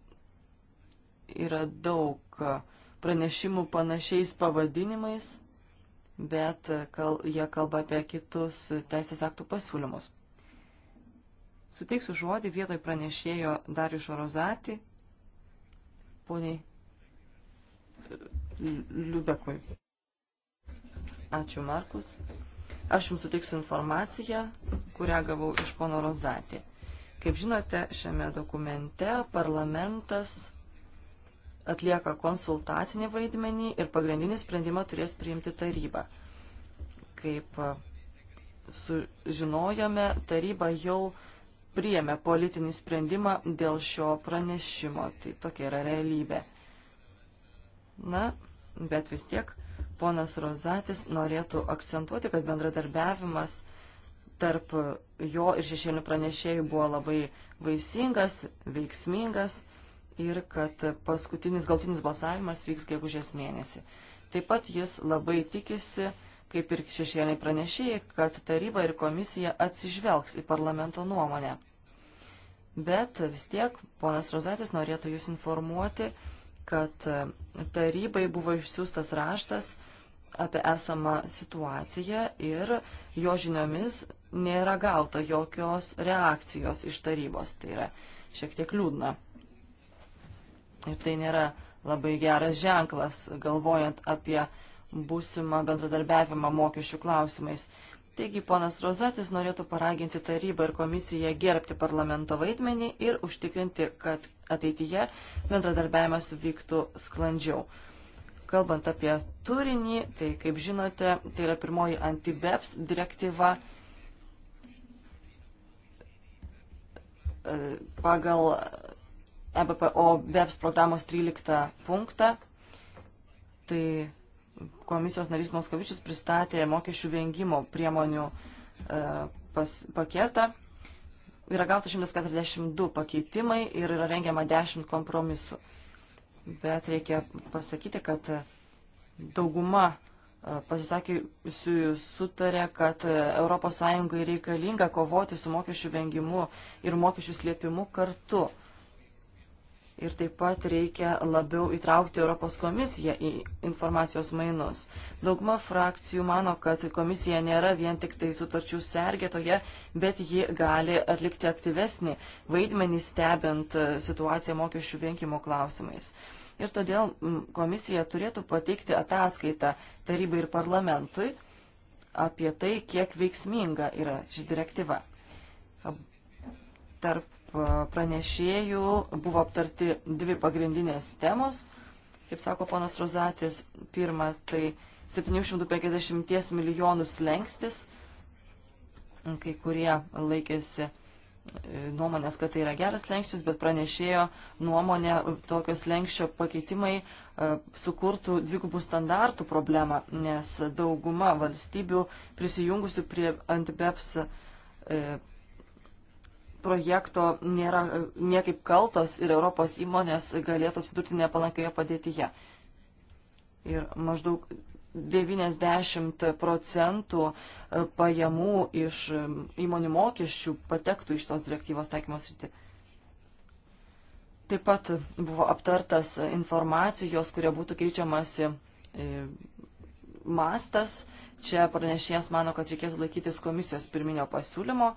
yra daug uh, pranešimų panašiais pavadinimais, bet kal, jie kalba apie kitus teisės aktų pasiūlymus. Suteiksiu žodį vietoj pranešėjo Darius Rozatį, poniai Liubekui. Ačiū, Markus. Aš jums suteiksiu informaciją, kurią gavau iš pono Rozatį. Kaip žinote, šiame dokumente parlamentas atlieka konsultacinį vaidmenį ir pagrindinį sprendimą turės priimti taryba. Kaip e, sužinojome, taryba jau priėmė politinį sprendimą dėl šio pranešimo. Tai tokia yra realybė. Na, bet vis tiek ponas Rozatis norėtų akcentuoti, kad bendradarbiavimas tarp jo ir šešėlių pranešėjų buvo labai vaisingas, veiksmingas ir kad paskutinis galtinis balsavimas vyks gegužės mėnesį. Taip pat jis labai tikisi, kaip ir šešėliai pranešėjai, kad taryba ir komisija atsižvelgs į parlamento nuomonę. Bet vis tiek ponas Rozatis norėtų jūs informuoti, kad tarybai buvo išsiųstas raštas apie esamą situaciją ir jo žiniomis nėra gauta jokios reakcijos iš tarybos. Tai yra šiek tiek liūdna. Ir tai nėra labai geras ženklas, galvojant apie būsimą bendradarbiavimą mokesčių klausimais. Taigi, ponas Rozatis norėtų paraginti tarybą ir komisiją gerbti parlamento vaidmenį ir užtikrinti, kad ateityje bendradarbiavimas vyktų sklandžiau. Kalbant apie turinį, tai, kaip žinote, tai yra pirmoji anti-BEPS direktyva e, pagal EBPO BEPS programos 13 punktą. Tai komisijos narys Moskovičius pristatė mokesčių vengimo priemonių e, pas, paketą. Yra gauta 142 pakeitimai ir yra rengiama 10 kompromisų. Bet reikia pasakyti, kad dauguma e, pasisakiusiųjų sutarė, kad ES reikalinga kovoti su mokesčių vengimu ir mokesčių slėpimu kartu. Ir taip pat reikia labiau įtraukti Europos komisiją į informacijos mainus. Dauguma frakcijų mano, kad komisija nėra vien tik tai sutarčių sergėtoje, bet ji gali atlikti aktyvesnį vaidmenį stebint situaciją mokesčių venkimo klausimais. Ir todėl mm, komisija turėtų pateikti ataskaitą tarybai ir parlamentui apie tai, kiek veiksminga yra ši direktyva. Tarp pranešėjų buvo aptarti dvi pagrindinės temos. Kaip sako ponas Rozatis, pirma, tai 750 milijonų slengstis, kai kurie laikėsi e, nuomonės, kad tai yra geras lenkštis, bet pranešėjo nuomonė tokios lenkščio pakeitimai e, sukurtų dvigubų standartų problemą, nes dauguma valstybių prisijungusių prie antibeps e, projekto nėra niekaip kaltos ir Europos įmonės galėtų atsidurti nepalankioje padėtyje. Ir maždaug 90 procentų e, pajamų iš e, įmonių mokesčių patektų iš tos direktyvos taikymos rytį. Taip pat buvo aptartas informacijos, kurie būtų keičiamasi e, mastas. Čia pranešėjas mano, kad reikėtų laikytis komisijos pirminio pasiūlymo.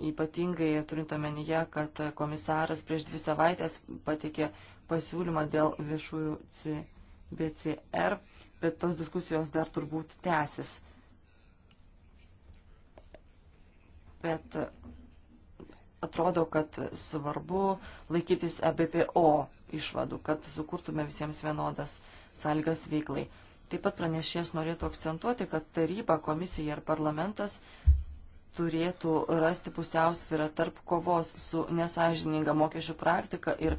Ypatingai turint omenyje, kad komisaras prieš dvi savaitės pateikė pasiūlymą dėl viešųjų BCR, bet tos diskusijos dar turbūt tęsis. Bet atrodo, kad svarbu laikytis ABPO išvadų, kad sukurtume visiems vienodas sąlygas veiklai. Taip pat pranešėjas norėtų akcentuoti, kad taryba, komisija ir parlamentas turėtų rasti pusiausvyrą tarp kovos su nesažininga mokesčių praktika ir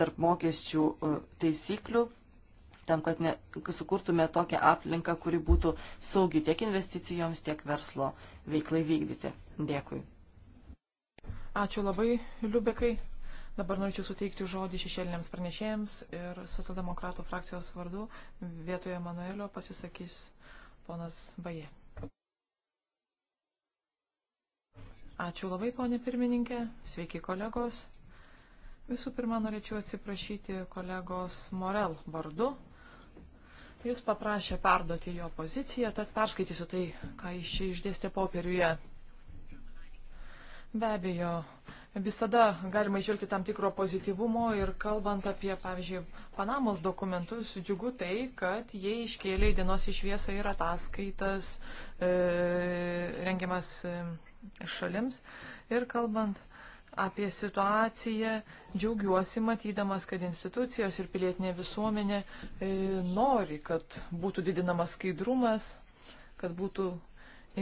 tarp mokesčių e, taisyklių, tam, kad ne, sukurtume tokią aplinką, kuri būtų saugi tiek investicijoms, tiek verslo veiklai vykdyti. Dėkui. Ačiū labai, Liubekai. Dabar norėčiau suteikti žodį šešėliniams pranešėjams ir socialdemokratų frakcijos vardu vietoje Manuelio pasisakys ponas Baje. Ačiū labai, ponė pirmininkė. Sveiki, kolegos. Visų pirma, norėčiau atsiprašyti kolegos Morel vardu. Jis paprašė perduoti jo poziciją, tad perskaitysiu tai, ką iš čia išdėstė popieriuje. Be abejo, visada galima išvelgti tam tikro pozityvumo ir kalbant apie, pavyzdžiui, Panamos dokumentus, džiugu tai, kad jie iškėlė į dienos išviesą ir ataskaitas e, rengiamas. E, šalims. Ir kalbant apie situaciją, džiaugiuosi matydamas, kad institucijos ir pilietinė visuomenė e, nori, kad būtų didinamas skaidrumas, kad būtų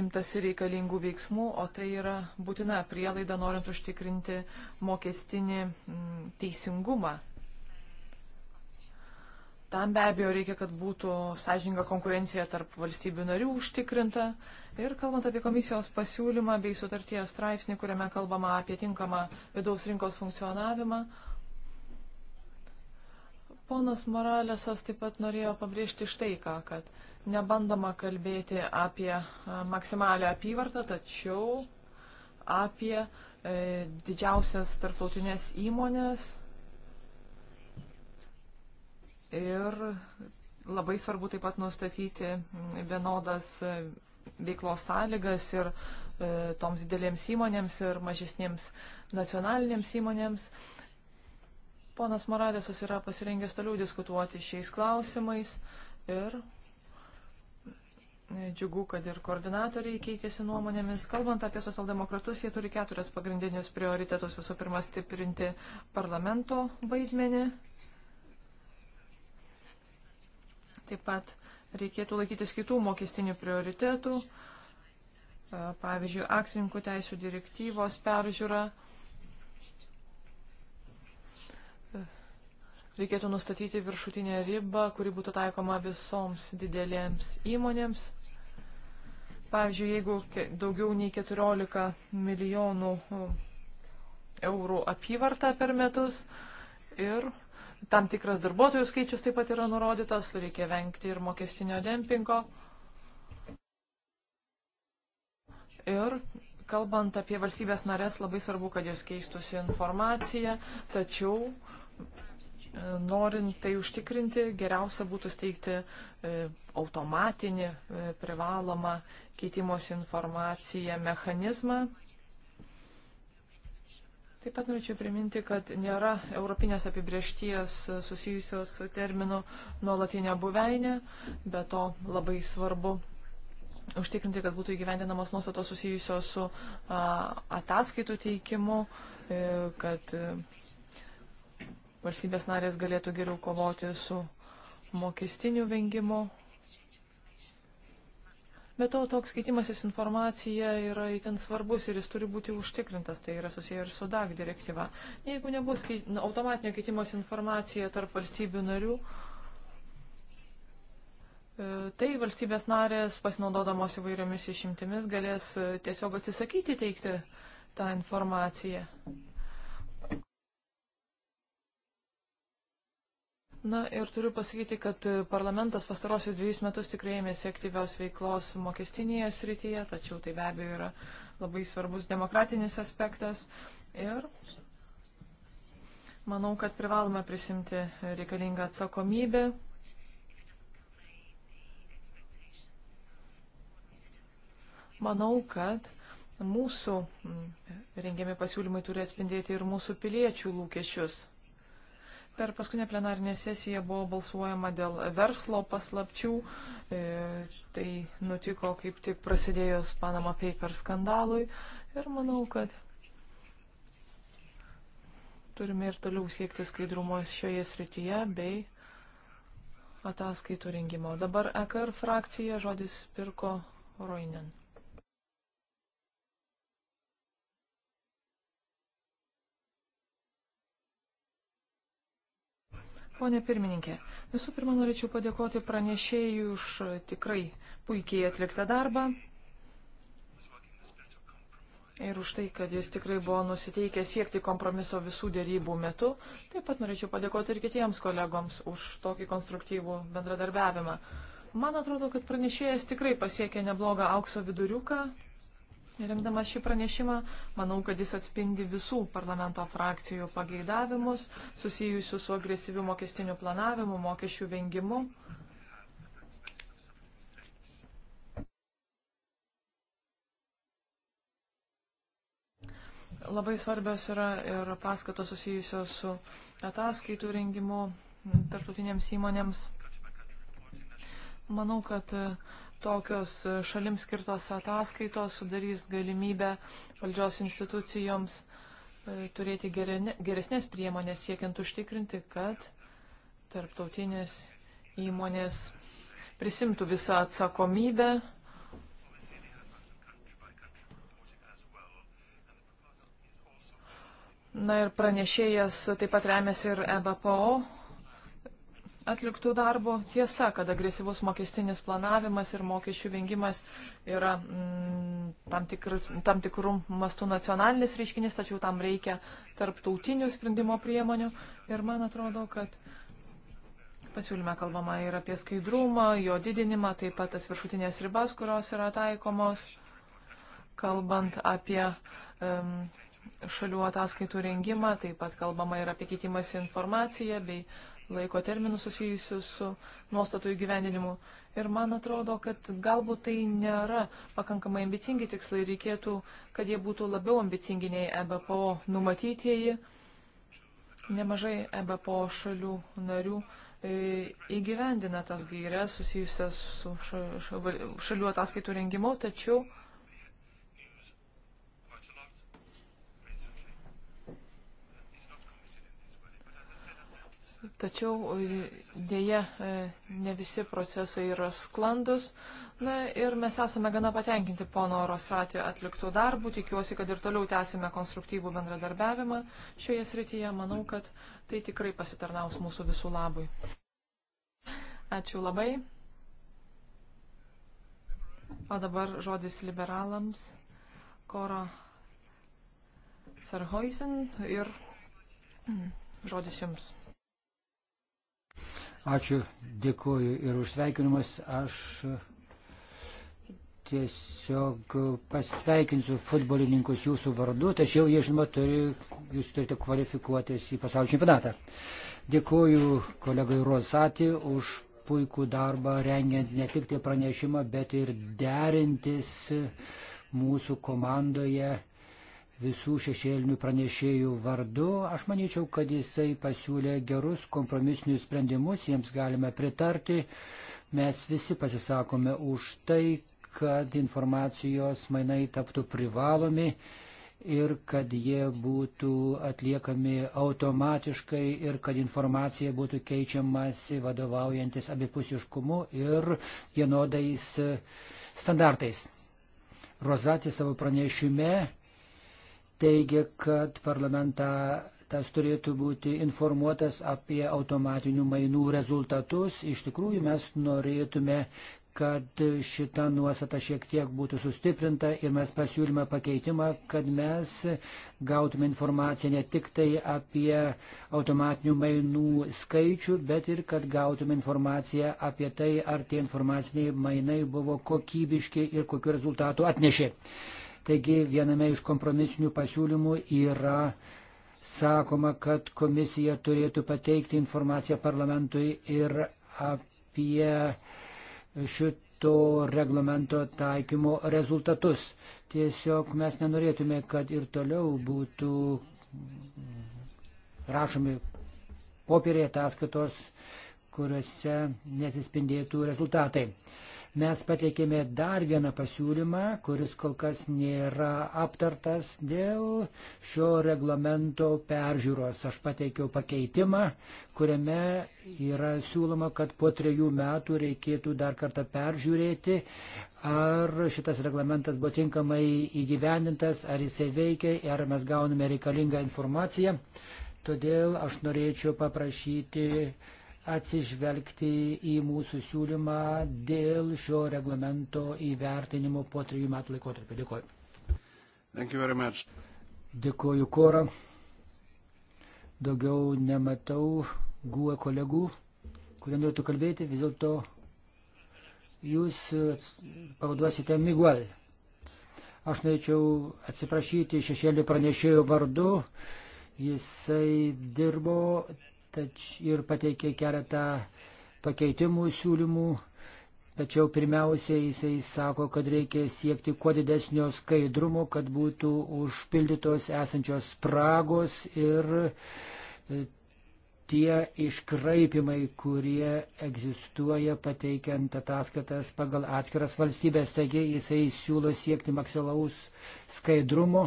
imtasi reikalingų veiksmų, o tai yra būtina prielaida norint užtikrinti mokestinį teisingumą Tam be abejo reikia, kad būtų sąžininga konkurencija tarp valstybių narių užtikrinta. Ir kalbant apie komisijos pasiūlymą bei sutarties straipsnį, kuriame kalbama apie tinkamą vidaus rinkos funkcionavimą, ponas Moralesas taip pat norėjo pabrėžti štai ką, kad nebandoma kalbėti apie e, maksimalę apyvartą, tačiau apie e, didžiausias tarptautinės įmonės Ir labai svarbu taip pat nustatyti vienodas veiklos sąlygas ir e, toms didelėms įmonėms ir mažesnėms nacionalinėms įmonėms. Ponas Moralėsas yra pasirengęs toliau diskutuoti šiais klausimais ir e, džiugu, kad ir koordinatoriai keitėsi nuomonėmis. Kalbant apie socialdemokratus, jie turi keturias pagrindinius prioritetus. Visų pirma, stiprinti parlamento vaidmenį. Taip pat reikėtų laikytis kitų mokestinių prioritetų, pavyzdžiui, akcininkų teisų direktyvos peržiūra. Reikėtų nustatyti viršutinę ribą, kuri būtų taikoma visoms didelėms įmonėms. Pavyzdžiui, jeigu daugiau nei 14 milijonų eurų apyvarta per metus ir tam tikras darbuotojų skaičius taip pat yra nurodytas, reikia vengti ir mokestinio dempingo. Ir kalbant apie valstybės narės, labai svarbu, kad jos keistųsi informaciją, tačiau e, norint tai užtikrinti, geriausia būtų steigti e, automatinį e, privalomą keitimos informaciją mechanizmą. Taip pat norėčiau priminti, kad nėra europinės apibriešties susijusios su terminu nuolatinė buveinė, bet to labai svarbu užtikrinti, kad būtų įgyvendinamos nuostatos susijusios su a, ataskaitų teikimu, e, kad e, valstybės narės galėtų geriau kovoti su mokestiniu vengimu Be to, toks keitimasis informacija yra itin svarbus ir jis turi būti užtikrintas, tai yra susiję ir su DAG direktyva. Jeigu nebus keit, automatinio keitimas informacija tarp valstybių narių, e, Tai valstybės narės, pasinaudodamos įvairiomis išimtimis, galės e, tiesiog atsisakyti teikti tą informaciją. Na ir turiu pasakyti, kad parlamentas pastarosius dviejus metus tikrai ėmėsi aktyvios veiklos mokestinėje srityje, tačiau tai be abejo yra labai svarbus demokratinis aspektas. Ir manau, kad privalome prisimti reikalingą atsakomybę. Manau, kad mūsų rengiami pasiūlymai turi atspindėti ir mūsų piliečių lūkesčius. Per paskutinę plenarinę sesiją buvo balsuojama dėl verslo paslapčių. E, tai nutiko kaip tik prasidėjus Panama Paper skandalui. Ir manau, kad turime ir toliau siekti skaidrumo šioje srityje bei ataskaitų rengimo. Dabar EKR frakcija žodis pirko Roinen. Pone pirmininkė, visų pirma norėčiau padėkoti pranešėjui už tikrai puikiai atliktą darbą ir už tai, kad jis tikrai buvo nusiteikęs siekti kompromiso visų dėrybų metu. Taip pat norėčiau padėkoti ir kitiems kolegoms už tokį konstruktyvų bendradarbiavimą. Man atrodo, kad pranešėjas tikrai pasiekė neblogą aukso viduriuką Remdamas šį pranešimą, manau, kad jis atspindi visų parlamento frakcijų pageidavimus susijusių su agresyviu mokestiniu planavimu, mokesčių vengimu. Labai svarbios yra ir paskatos susijusios su ataskaitų rengimu tarptautinėms įmonėms. Manau, kad uh, tokios šalims skirtos ataskaitos sudarys galimybę valdžios institucijoms e, turėti geresnės priemonės siekiant užtikrinti, kad tarptautinės įmonės prisimtų visą atsakomybę Na ir pranešėjas taip pat remiasi ir EBPO atliktų darbo. Tiesa, kad agresyvus mokestinis planavimas ir mokesčių vengimas yra mm, tam, tikr, tam tikrų mastų nacionalinis reiškinys, tačiau tam reikia tarptautinių sprendimo priemonių. Ir man atrodo, kad pasiūlyme kalbama ir apie skaidrumą, jo didinimą, taip pat tas viršutinės ribas, kurios yra taikomos, kalbant apie. Um, šalių ataskaitų rengimą, taip pat kalbama ir apie keitimąsi informaciją bei laiko terminus susijusius su nuostatų įgyvendinimu. Ir man atrodo, kad galbūt tai nėra pakankamai ambicingi tikslai, reikėtų, kad jie būtų labiau ambicingi nei EBPO numatytieji. Nemažai EBPO šalių narių e, įgyvendina tas gairias susijusias su šalių ataskaitų rengimu, tačiau Tačiau e, dėje ne visi procesai yra sklandus. Na ir mes esame gana patenkinti pono Rosatio atliktų darbų. Tikiuosi, kad ir toliau tęsime konstruktyvų bendradarbiavimą šioje srityje. Manau, kad tai tikrai pasitarnaus mūsų visų labui. Ačiū labai. O dabar žodis liberalams. Kora Ferhoisen ir žodis jums. Ačiū, dėkuoju ir už sveikinimus. Aš tiesiog pasveikinsiu futbolininkus jūsų vardu, tačiau jie, žinoma, turi, jūs turite kvalifikuotis į pasaulio čempionatą. Dėkuoju kolegai Rosati už puikų darbą rengiant ne tik tai pranešimą, bet ir derintis mūsų komandoje visų šešėlinių pranešėjų vardu. Aš manyčiau, kad jisai pasiūlė gerus kompromisinius sprendimus, jiems galime pritarti. Mes visi pasisakome už tai, kad informacijos mainai taptų privalomi ir kad jie būtų atliekami automatiškai ir kad informacija būtų keičiamasi vadovaujantis abipusiškumu ir vienodais standartais. Rozatė savo pranešime teigia, kad parlamentas turėtų būti informuotas apie automatinių mainų rezultatus. Iš tikrųjų, mes norėtume, kad šita nuostata šiek tiek būtų sustiprinta ir mes pasiūlyme pakeitimą, kad mes gautume informaciją ne tik tai apie automatinių mainų skaičių, bet ir kad gautume informaciją apie tai, ar tie informaciniai mainai buvo kokybiški ir kokiu rezultatu atnešė. Taigi viename iš kompromisinių pasiūlymų yra sakoma, kad komisija turėtų pateikti informaciją parlamentui ir apie šito reglamento taikymo rezultatus. Tiesiog mes nenorėtume, kad ir toliau būtų rašomi popieriai ataskaitos, kuriuose nesispindėtų rezultatai. Mes pateikėme dar vieną pasiūlymą, kuris kol kas nėra aptartas dėl šio reglamento peržiūros. Aš pateikiau pakeitimą, kuriame yra siūloma, kad po trejų metų reikėtų dar kartą peržiūrėti, ar šitas reglamentas buvo tinkamai įgyvendintas, ar jisai veikia, ar mes gauname reikalingą informaciją. Todėl aš norėčiau paprašyti atsižvelgti į mūsų siūlymą dėl šio reglamento įvertinimo po trijų metų laikotarpio. Dėkuoju. Dėkuoju, Kora. Daugiau nematau guo kolegų, kurie norėtų kalbėti, vis dėlto jūs pavaduosite Miguel. Aš norėčiau atsiprašyti šešėlį pranešėjų vardu. Jisai dirbo tač, ir pateikė keletą pakeitimų siūlymų. Tačiau pirmiausia, jisai sako, kad reikia siekti kuo didesnio skaidrumo, kad būtų užpildytos esančios spragos ir e, tie iškraipimai, kurie egzistuoja pateikiant ataskaitas pagal atskiras valstybės. Taigi jisai siūlo siekti maksimalaus skaidrumo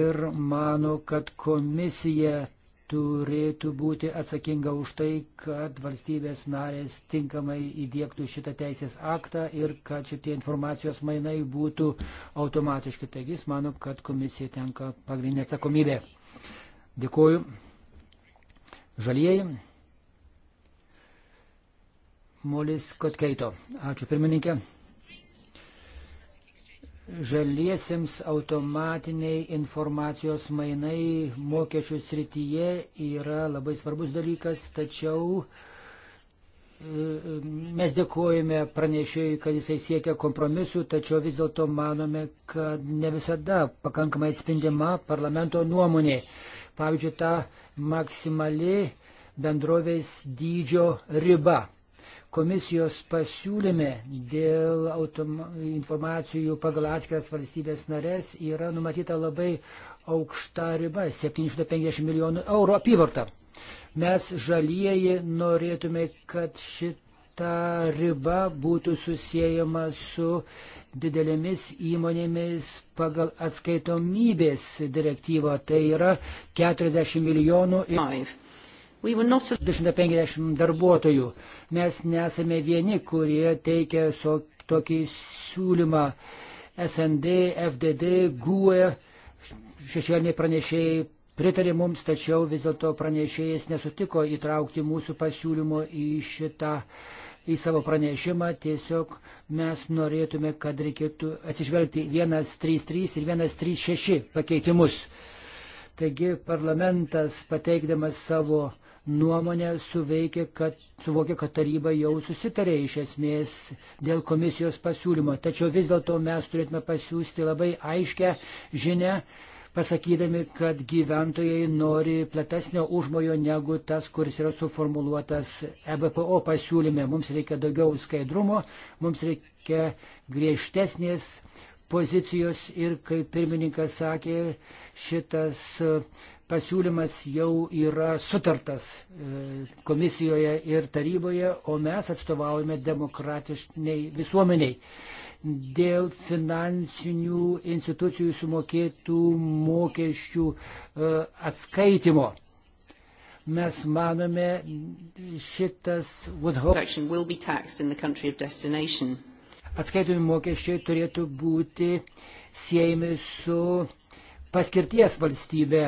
ir mano, kad komisija turėtų būti atsakinga už tai, kad valstybės narės tinkamai įdėktų šitą teisės aktą ir kad šitie informacijos mainai būtų automatiški. Taigi jis mano, kad komisija tenka pagrindinė atsakomybė. Dėkuoju. Žalieji. Molis Kotkeito. Ačiū pirmininkė žaliesiems automatiniai informacijos mainai mokesčių srityje yra labai svarbus dalykas, tačiau e, mes dėkojame pranešėjui, kad jisai siekia kompromisų, tačiau vis dėlto manome, kad ne visada pakankamai atspindima parlamento nuomonė. Pavyzdžiui, ta maksimali bendrovės dydžio riba komisijos pasiūlyme dėl informacijų pagal atskiras valstybės narės yra numatyta labai aukšta riba - 750 milijonų eurų apyvarta. Mes žalieji norėtume, kad šita riba būtų susijęjama su didelėmis įmonėmis pagal atskaitomybės direktyvą. Tai yra 40 milijonų. Ir... 250 darbuotojų. Mes nesame vieni, kurie teikia so, tokį siūlymą SND, FDD, GUE. Šešėliniai pranešėjai pritarė mums, tačiau vis dėlto pranešėjas nesutiko įtraukti mūsų pasiūlymo į šitą į savo pranešimą, tiesiog mes norėtume, kad reikėtų atsižvelgti 133 ir 136 pakeitimus. Taigi parlamentas pateikdamas savo nuomonę suveikė, kad, suvokė, kad taryba jau susitarė iš esmės dėl komisijos pasiūlymo. Tačiau vis dėlto mes turėtume pasiūsti labai aiškę žinę, pasakydami, kad gyventojai nori platesnio užmojo negu tas, kuris yra suformuluotas EBPO pasiūlyme. Mums reikia daugiau skaidrumo, mums reikia griežtesnės pozicijos ir, kaip pirmininkas sakė, šitas pasiūlymas jau yra sutartas e, komisijoje ir taryboje, o mes atstovaujame demokratiškai visuomeniai. Dėl finansinių institucijų sumokėtų mokesčių e, atskaitimo. Mes manome šitas atskaitomi mokesčiai turėtų būti siejami su paskirties valstybė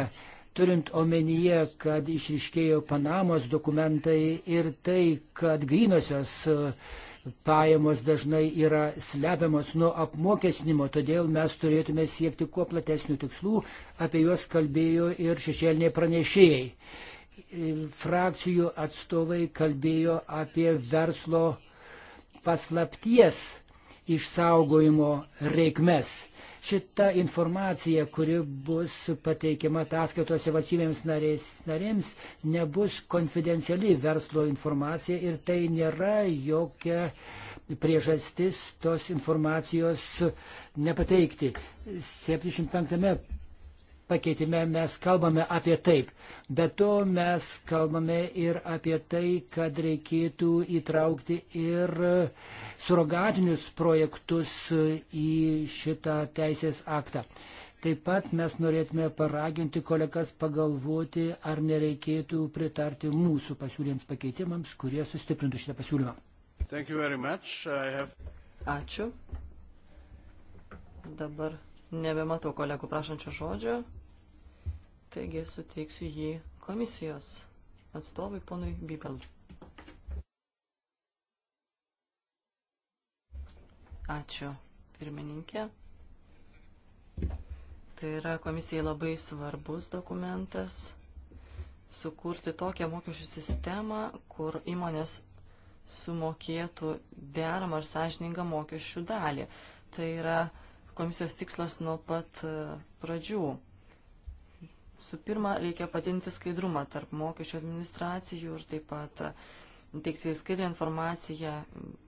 turint omenyje, kad išriškėjo Panamos dokumentai ir tai, kad grynosios e, pajamos dažnai yra slepiamos nuo apmokesnimo, todėl mes turėtume siekti kuo platesnių tikslų, apie juos kalbėjo ir šešėliniai pranešėjai. E, frakcijų atstovai kalbėjo apie verslo paslapties išsaugojimo reikmes. Šita informacija, kuri bus pateikiama ataskaitose valstybėms narės, narėms, nebus konfidenciali verslo informacija ir tai nėra jokia priežastis tos informacijos nepateikti. 75 pakeitime mes kalbame apie taip, bet to mes kalbame ir apie tai, kad reikėtų įtraukti ir uh, surogatinius projektus į šitą teisės aktą. Taip pat mes norėtume paraginti kolegas pagalvoti, ar nereikėtų pritarti mūsų pasiūlėms pakeitimams, kurie sustiprintų šitą pasiūlymą. Have... Ačiū. Dabar nebematau kolegų prašančių žodžio, taigi suteiksiu jį komisijos atstovui ponui Bibel. Ačiū, pirmininkė. Tai yra komisijai labai svarbus dokumentas sukurti tokią mokesčių sistemą, kur įmonės sumokėtų deramą ar sąžiningą mokesčių dalį. Tai yra komisijos tikslas nuo pat e, pradžių. Su pirma, reikia padinti skaidrumą tarp mokesčių administracijų ir taip pat uh, teikti skaidrę informaciją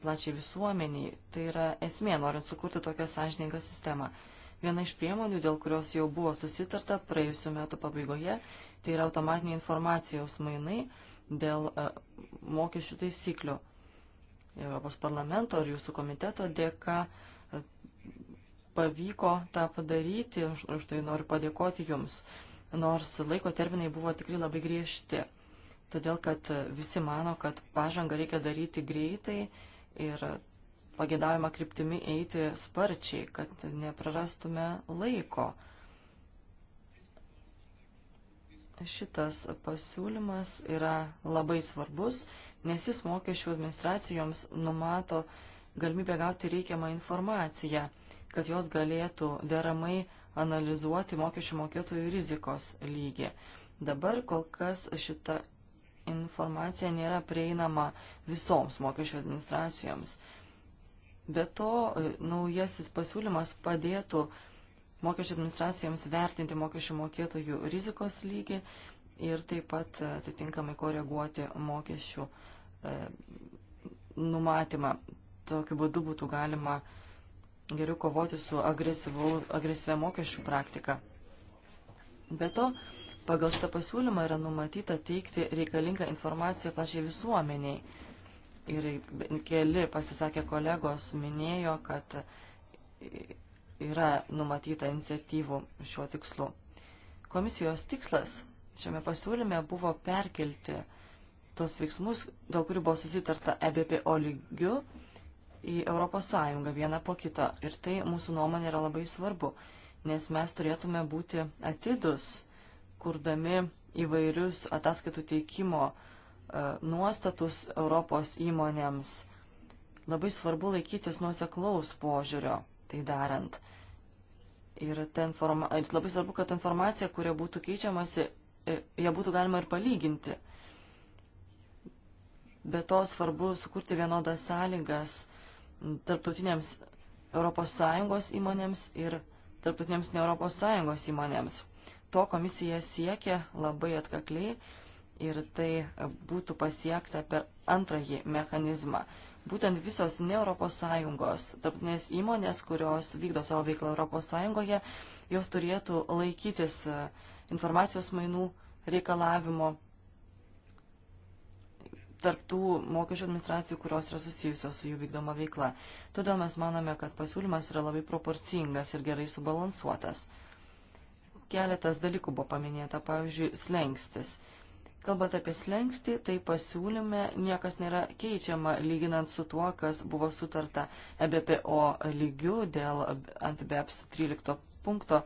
plačiai visuomeniai, tai yra esmė, norint sukurti tokią sąžiningą sistemą. Viena iš priemonių, dėl kurios jau buvo susitarta praėjusiu metu pabaigoje, tai yra automatiniai informacijos mainai dėl e, mokesčių taisyklių. Europos parlamento ar jūsų komiteto dėka e, pavyko tą padaryti, už tai noriu padėkoti jums, nors laiko terminai buvo tikrai labai griežti todėl kad visi mano, kad pažangą reikia daryti greitai ir pagėdavimą kryptimi eiti sparčiai, kad neprarastume laiko. Šitas pasiūlymas yra labai svarbus, nes jis mokesčių administracijoms numato galimybę gauti reikiamą informaciją, kad jos galėtų deramai analizuoti mokesčių mokėtojų rizikos lygį. Dabar kol kas šita informacija nėra prieinama visoms mokesčių administracijoms. Be to, e, naujasis pasiūlymas padėtų mokesčių administracijoms vertinti mokesčių mokėtojų rizikos lygį ir taip pat atitinkamai koreguoti mokesčių e, numatymą. Tokiu būdu būtų galima geriau kovoti su agresyvia mokesčių praktika. Be to, Pagal šitą pasiūlymą yra numatyta teikti reikalingą informaciją plačiai visuomeniai. Ir keli pasisakė kolegos minėjo, kad yra numatyta iniciatyvų šiuo tikslu. Komisijos tikslas šiame pasiūlyme buvo perkelti tos veiksmus, dėl kurių buvo susitarta EBPO lygiu, į ES vieną po kito. Ir tai mūsų nuomonė yra labai svarbu, nes mes turėtume būti atidus kurdami įvairius ataskaitų teikimo e, nuostatus Europos įmonėms, labai svarbu laikytis nuoseklaus požiūrio tai darant. Ir informa... labai svarbu, kad informacija, kuria būtų keičiamasi, e, ją būtų galima ir palyginti. Be to svarbu sukurti vienodas sąlygas tarptautinėms ES įmonėms ir tarptautinėms ne ES įmonėms. To komisija siekia labai atkakliai ir tai būtų pasiekta per antrąjį mechanizmą. Būtent visos ne ES tarptautinės įmonės, kurios vykdo savo veiklą ES, jos turėtų laikytis e, informacijos mainų reikalavimo tarptų mokesčių administracijų, kurios yra susijusios su jų vykdoma veikla. Todėl mes manome, kad pasiūlymas yra labai proporcingas ir gerai subalansuotas keletas dalykų buvo paminėta, pavyzdžiui, slengstis. Kalbant apie slengstį, tai pasiūlyme niekas nėra keičiama lyginant su tuo, kas buvo sutarta EBPO lygių dėl antibeps 13 punkto,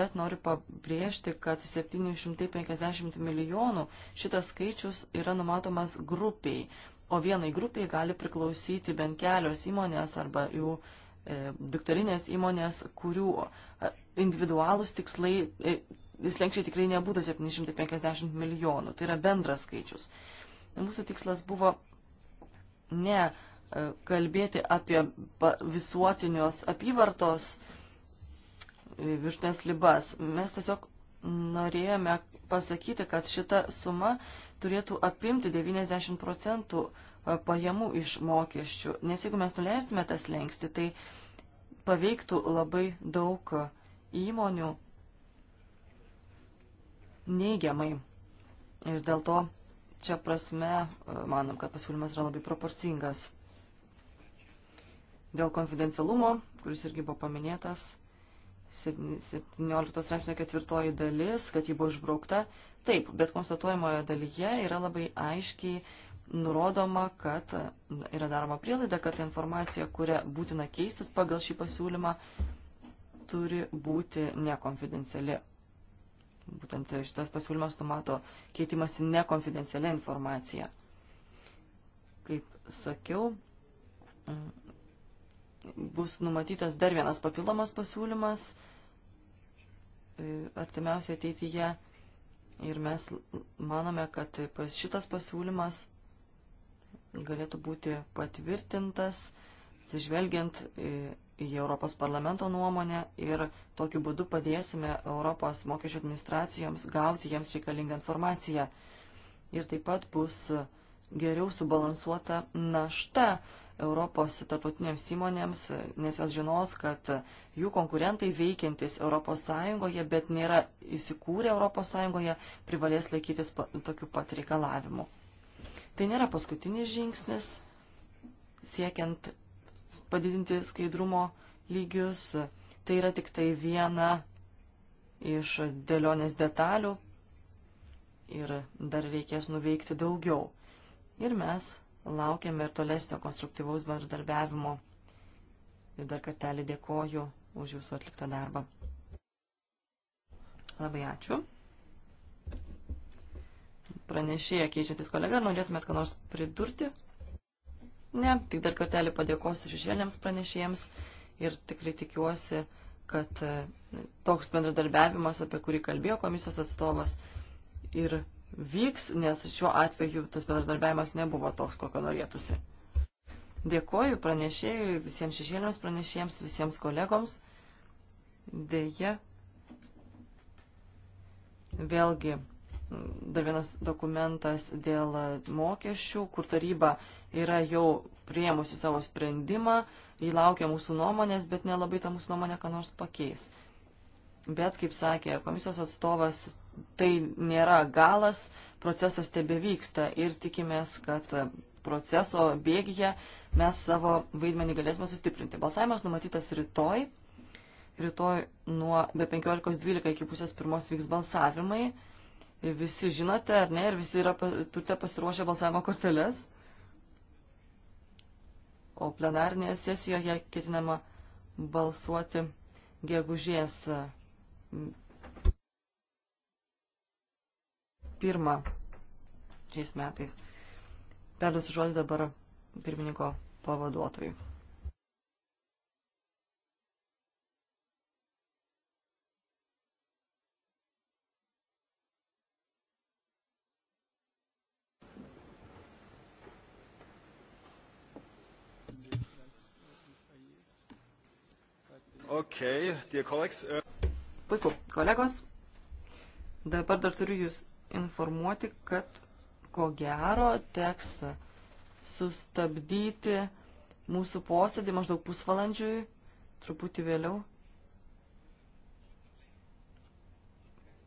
bet noriu pabrėžti, kad 750 milijonų šitas skaičius yra numatomas grupiai, o vienai grupiai gali priklausyti bent kelios įmonės arba jų e, dukterinės įmonės, kurių individualūs tikslai, e, slenksčiai tikrai nebūtų 750 milijonų, tai yra bendras skaičius. Mūsų tikslas buvo ne e, kalbėti apie visuotinios apyvartos e, viršnės libas. Mes tiesiog norėjome pasakyti, kad šita suma turėtų apimti 90 procentų pajamų iš mokesčių, nes jeigu mes nuleistume tas lengsti, tai paveiktų labai daug uh, įmonių neigiamai. Ir dėl to čia prasme e, manom, kad pasiūlymas yra labai proporcingas. Dėl konfidencialumo, kuris irgi buvo paminėtas, 17 straipsnio ketvirtoji dalis, kad ji buvo išbraukta. Taip, bet konstatuojamoje dalyje yra labai aiškiai nurodoma, kad yra daroma prielaida, kad informacija, kurią būtina keistis pagal šį pasiūlymą, turi būti nekonfidenciali. Būtent šitas pasiūlymas numato keitimasi nekonfidencialia informacija. Kaip sakiau, bus numatytas dar vienas papildomas pasiūlymas e, artimiausioje ateityje ir mes manome, kad šitas pasiūlymas galėtų būti patvirtintas, atsižvelgiant e, į Europos parlamento nuomonę ir tokiu būdu padėsime Europos mokesčių administracijoms gauti jiems reikalingą informaciją. Ir taip pat bus geriau subalansuota našta Europos tarptautinėms įmonėms, nes jos žinos, kad jų konkurentai veikiantis ES, bet nėra įsikūrę ES, privalės laikytis tokių pat reikalavimų. Tai nėra paskutinis žingsnis siekiant padidinti skaidrumo lygius. Tai yra tik tai viena iš dėlionės detalių ir dar reikės nuveikti daugiau. Ir mes laukiame ir tolesnio konstruktyvaus bendradarbiavimo. Ir dar kartelį dėkoju už jūsų atliktą darbą. Labai ačiū. Pranešėja keičiantis kolega, ar norėtumėt ką nors pridurti? Ne, tik dar kartelį padėkosiu šešėliams pranešėjams ir tikrai tikiuosi, kad e, toks bendradarbiavimas, apie kurį kalbėjo komisijos atstovas, ir vyks, nes šiuo atveju tas bendradarbiavimas nebuvo toks, kokio norėtųsi. Dėkoju pranešėjui, visiems šešėliams pranešėjams, visiems kolegoms. Deja, vėlgi dar vienas dokumentas dėl mokesčių, kur taryba yra jau prieimusi savo sprendimą, jį laukia mūsų nuomonės, bet nelabai ta mūsų nuomonė ką nors pakeis. Bet, kaip sakė komisijos atstovas, tai nėra galas, procesas tebe vyksta ir tikimės, kad proceso bėgyje mes savo vaidmenį galėsime sustiprinti. Balsavimas numatytas rytoj. Rytoj nuo be 15.12 iki pusės pirmos vyks balsavimai visi žinote, ar ne, ir visi yra, turite pasiruošę balsavimo korteles. O plenarinėje sesijoje ketinama balsuoti gegužės pirmą šiais metais. Perduosiu žodį dabar pirmininko pavaduotojui. Okay, uh, Puiku, kolegos, dabar dar turiu Jūs informuoti, kad ko gero teks sustabdyti mūsų posėdį maždaug pusvalandžiui, truputį vėliau,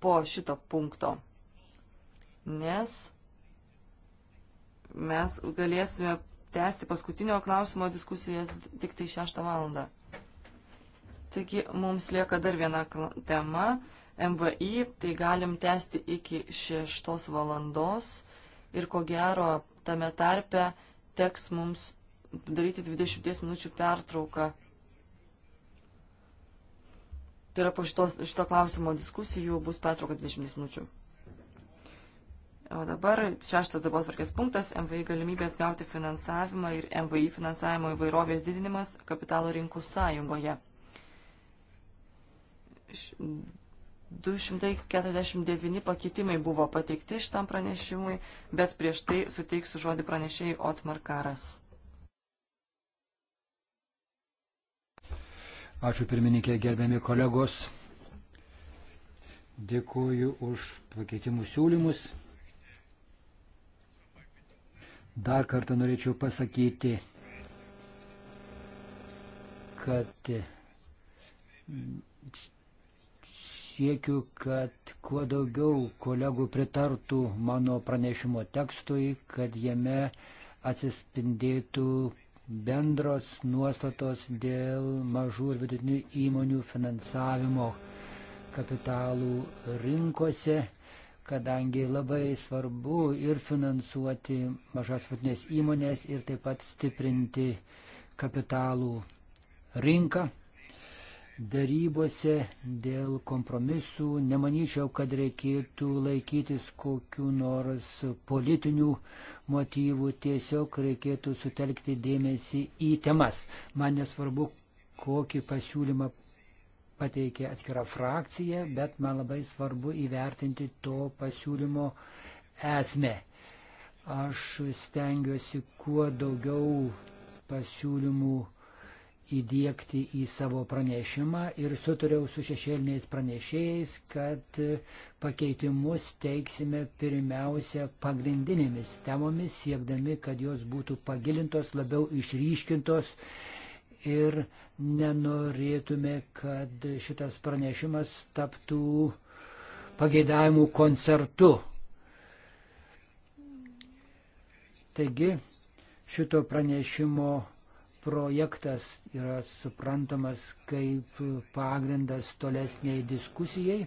po šito punkto, nes mes galėsime tęsti paskutinio klausimo diskusijas tik tai 6 valandą. Taigi mums lieka dar viena tema - MVI, tai galim tęsti iki šeštos valandos ir ko gero tame tarpe teks mums daryti 20 minučių pertrauką. Tai yra po šito, šito klausimo diskusijų bus pertrauka 20 minučių. O dabar šeštas darbo atvarkės punktas - MVI galimybės gauti finansavimą ir MVI finansavimo įvairovės didinimas kapitalo rinkų sąjungoje. 249 pakeitimai buvo pateikti šitam pranešimui, bet prieš tai suteiksiu žodį pranešėjai Otmar Karas. Ačiū pirmininkė, gerbiami kolegos. Dėkuoju už pakeitimų siūlymus. Dar kartą norėčiau pasakyti, kad siekiu, kad kuo daugiau kolegų pritartų mano pranešimo tekstui, kad jame atsispindėtų bendros nuostatos dėl mažų ir vidutinių įmonių finansavimo kapitalų rinkose, kadangi labai svarbu ir finansuoti mažas vidinės įmonės ir taip pat stiprinti kapitalų rinką darybose dėl kompromisų nemanyčiau, kad reikėtų laikytis kokiu nors politinių motyvų, tiesiog reikėtų sutelkti dėmesį į temas. Man nesvarbu, kokį pasiūlymą pateikė atskira frakcija, bet man labai svarbu įvertinti to pasiūlymo esmę. Aš stengiuosi kuo daugiau pasiūlymų įdėkti į savo pranešimą ir sutariau su šešėliniais pranešėjais, kad pakeitimus teiksime pirmiausia pagrindinėmis temomis, siekdami, kad jos būtų pagilintos, labiau išryškintos ir nenorėtume, kad šitas pranešimas taptų pageidavimų koncertu. Taigi, šito pranešimo projektas yra suprantamas kaip pagrindas tolesniai diskusijai,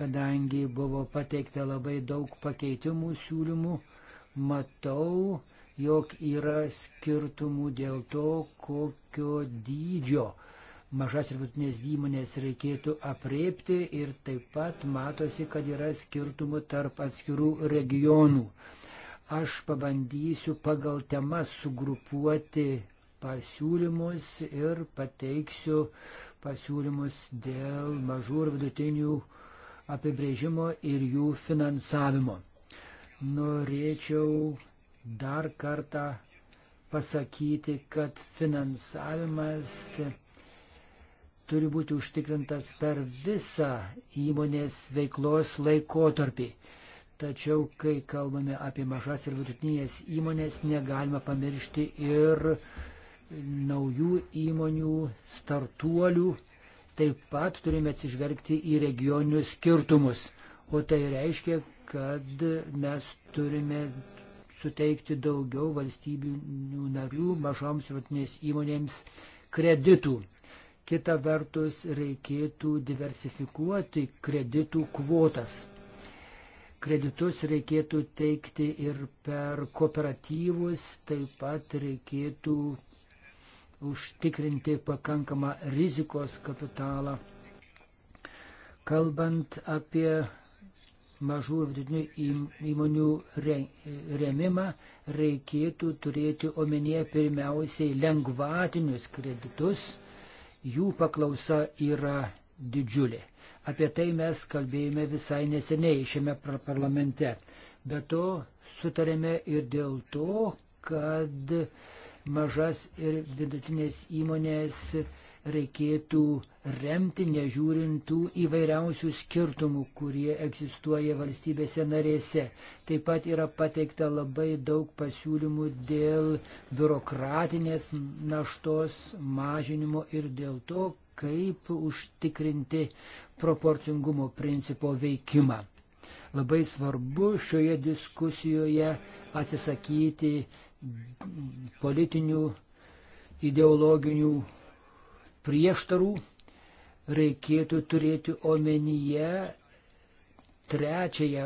kadangi buvo pateikta labai daug pakeitimų siūlymų, matau, jog yra skirtumų dėl to, kokio dydžio mažas ir vidutinės įmonės reikėtų apriepti ir taip pat matosi, kad yra skirtumų tarp atskirų regionų. Aš pabandysiu pagal temas sugrupuoti pasiūlymus ir pateiksiu pasiūlymus dėl mažų ir vidutinių apibrėžimo ir jų finansavimo. Norėčiau dar kartą pasakyti, kad finansavimas turi būti užtikrintas per visą įmonės veiklos laikotarpį. Tačiau, kai kalbame apie mažas ir vidutinės įmonės, negalima pamiršti ir naujų įmonių, startuolių, taip pat turime atsižvelgti į regioninius skirtumus. O tai reiškia, kad mes turime suteikti daugiau valstybinių narių mažoms ir vatinės įmonėms kreditų. Kita vertus, reikėtų diversifikuoti kreditų kvotas. Kreditus reikėtų teikti ir per kooperatyvus, taip pat reikėtų užtikrinti pakankamą rizikos kapitalą. Kalbant apie mažų ir vidutinių įmonių remimą, reikėtų turėti omenyje pirmiausiai lengvatinius kreditus. Jų paklausa yra didžiulė. Apie tai mes kalbėjome visai neseniai šiame parlamente. Be to sutarėme ir dėl to, kad uh, mažas ir vidutinės įmonės reikėtų remti, nežiūrintų įvairiausių skirtumų, kurie egzistuoja valstybėse narėse. Taip pat yra pateikta labai daug pasiūlymų dėl biurokratinės naštos mažinimo ir dėl to, kaip užtikrinti proporcingumo principo veikimą. Labai svarbu šioje diskusijoje atsisakyti politinių, ideologinių prieštarų, reikėtų turėti omenyje trečiąją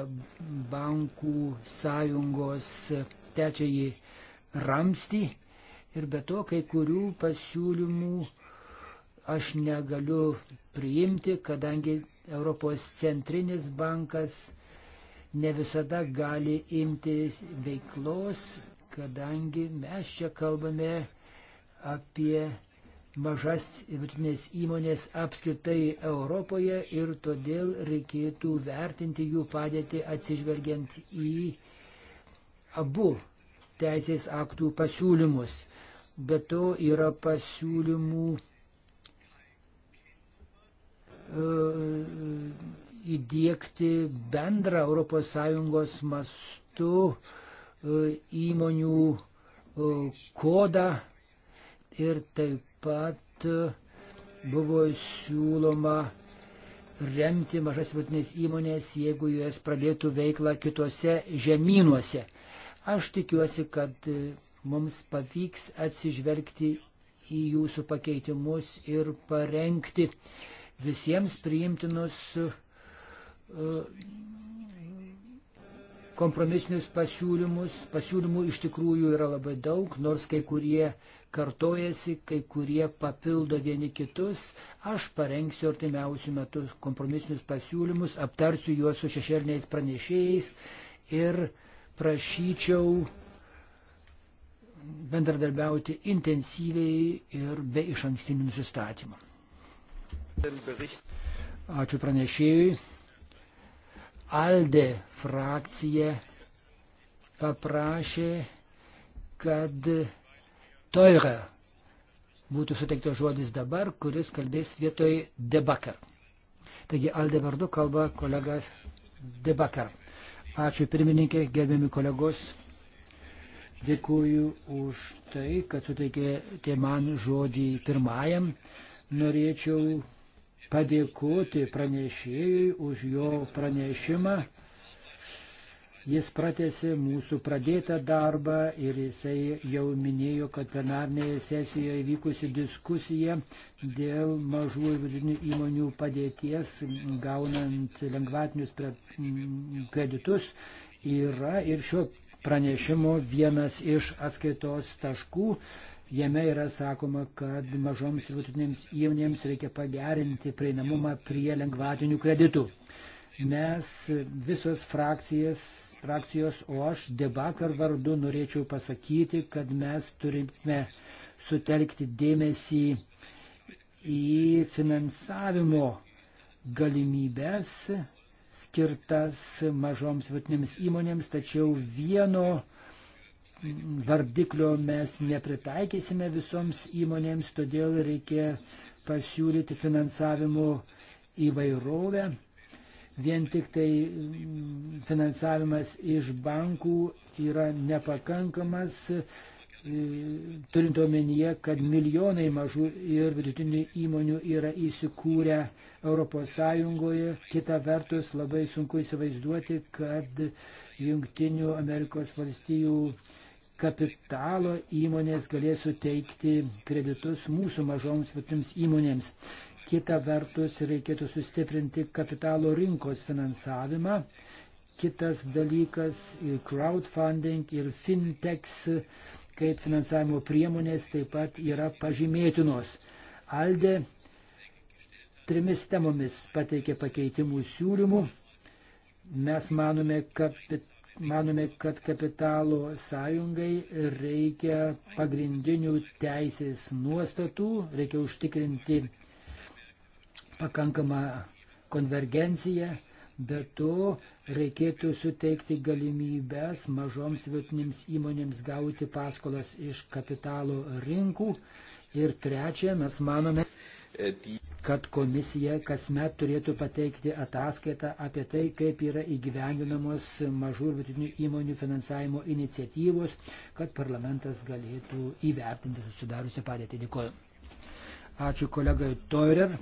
bankų sąjungos trečiąjį ramstį ir be to kai kurių pasiūlymų aš negaliu priimti, kadangi Europos centrinis bankas ne visada gali imtis veiklos kadangi mes čia kalbame apie mažas ir vidutinės įmonės apskritai Europoje ir todėl reikėtų vertinti jų padėtį atsižvelgiant į abu teisės aktų pasiūlymus. Be to yra pasiūlymų e, įdėkti bendrą ES mastu uh, įmonių kodą ir taip pat buvo siūloma remti mažas vidutinės įmonės, jeigu jas pradėtų veiklą kitose žemynuose. Aš tikiuosi, kad e, mums pavyks atsižvelgti į jūsų pakeitimus ir parengti visiems priimtinus kompromisinius pasiūlymus. Pasiūlymų iš tikrųjų yra labai daug, nors kai kurie kartojasi, kai kurie papildo vieni kitus. Aš parengsiu artimiausių metų kompromisinius pasiūlymus, aptarsiu juos su šešėliniais pranešėjais ir prašyčiau bendradarbiauti intensyviai ir be iš ankstinių nusistatymų. Ačiū pranešėjui. Aldė frakcija paprašė, kad Toira būtų suteiktas žodis dabar, kuris kalbės vietoj Debakar. Taigi Aldė vardu kalba kolega Debakar. Ačiū pirmininkė, gerbiami kolegos. Dėkuoju už tai, kad suteikėte man žodį pirmajam. Norėčiau padėkoti pranešėjui už jo pranešimą. Jis pratėsi mūsų pradėtą darbą ir jisai jau minėjo, kad plenarnėje sesijoje vykusi diskusija dėl mažų ir vidutinių įmonių padėties gaunant lengvatinius kreditus yra ir šio pranešimo vienas iš atskaitos taškų. Jame yra sakoma, kad mažoms ir vidutinėms įmonėms reikia pagerinti prieinamumą prie lengvatinių kreditų. Mes visos frakcijas, frakcijos, o aš debakar vardu norėčiau pasakyti, kad mes turime sutelkti dėmesį į finansavimo galimybės skirtas mažoms vidutinėms įmonėms, tačiau vieno vardiklio mes nepritaikysime visoms įmonėms, todėl reikia pasiūlyti finansavimo įvairovę. Vien tik tai mm, finansavimas iš bankų yra nepakankamas, e, turint omenyje, kad milijonai mažų ir vidutinių įmonių yra įsikūrę ES. Kita vertus, labai sunku įsivaizduoti, kad Junktinių Amerikos valstijų kapitalo įmonės galės suteikti kreditus mūsų mažoms vietoms įmonėms. Kita vertus, reikėtų sustiprinti kapitalo rinkos finansavimą. Kitas dalykas - crowdfunding ir fintechs kaip finansavimo priemonės taip pat yra pažymėtinos. Alde trimis temomis pateikė pakeitimų siūlymų. Mes manome, kapit Manome, kad kapitalo sąjungai reikia pagrindinių teisės nuostatų, reikia užtikrinti pakankamą konvergenciją, bet to reikėtų suteikti galimybės mažoms vietinėms įmonėms gauti paskolas iš kapitalo rinkų. Ir trečia, mes manome, E, kad komisija kasmet turėtų pateikti ataskaitą apie tai, kaip yra įgyvendinamos mažų ir vidutinių įmonių finansavimo iniciatyvos, kad parlamentas galėtų įvertinti susidariusią padėtį. Dėkuoju. Ačiū kolegai Toirer.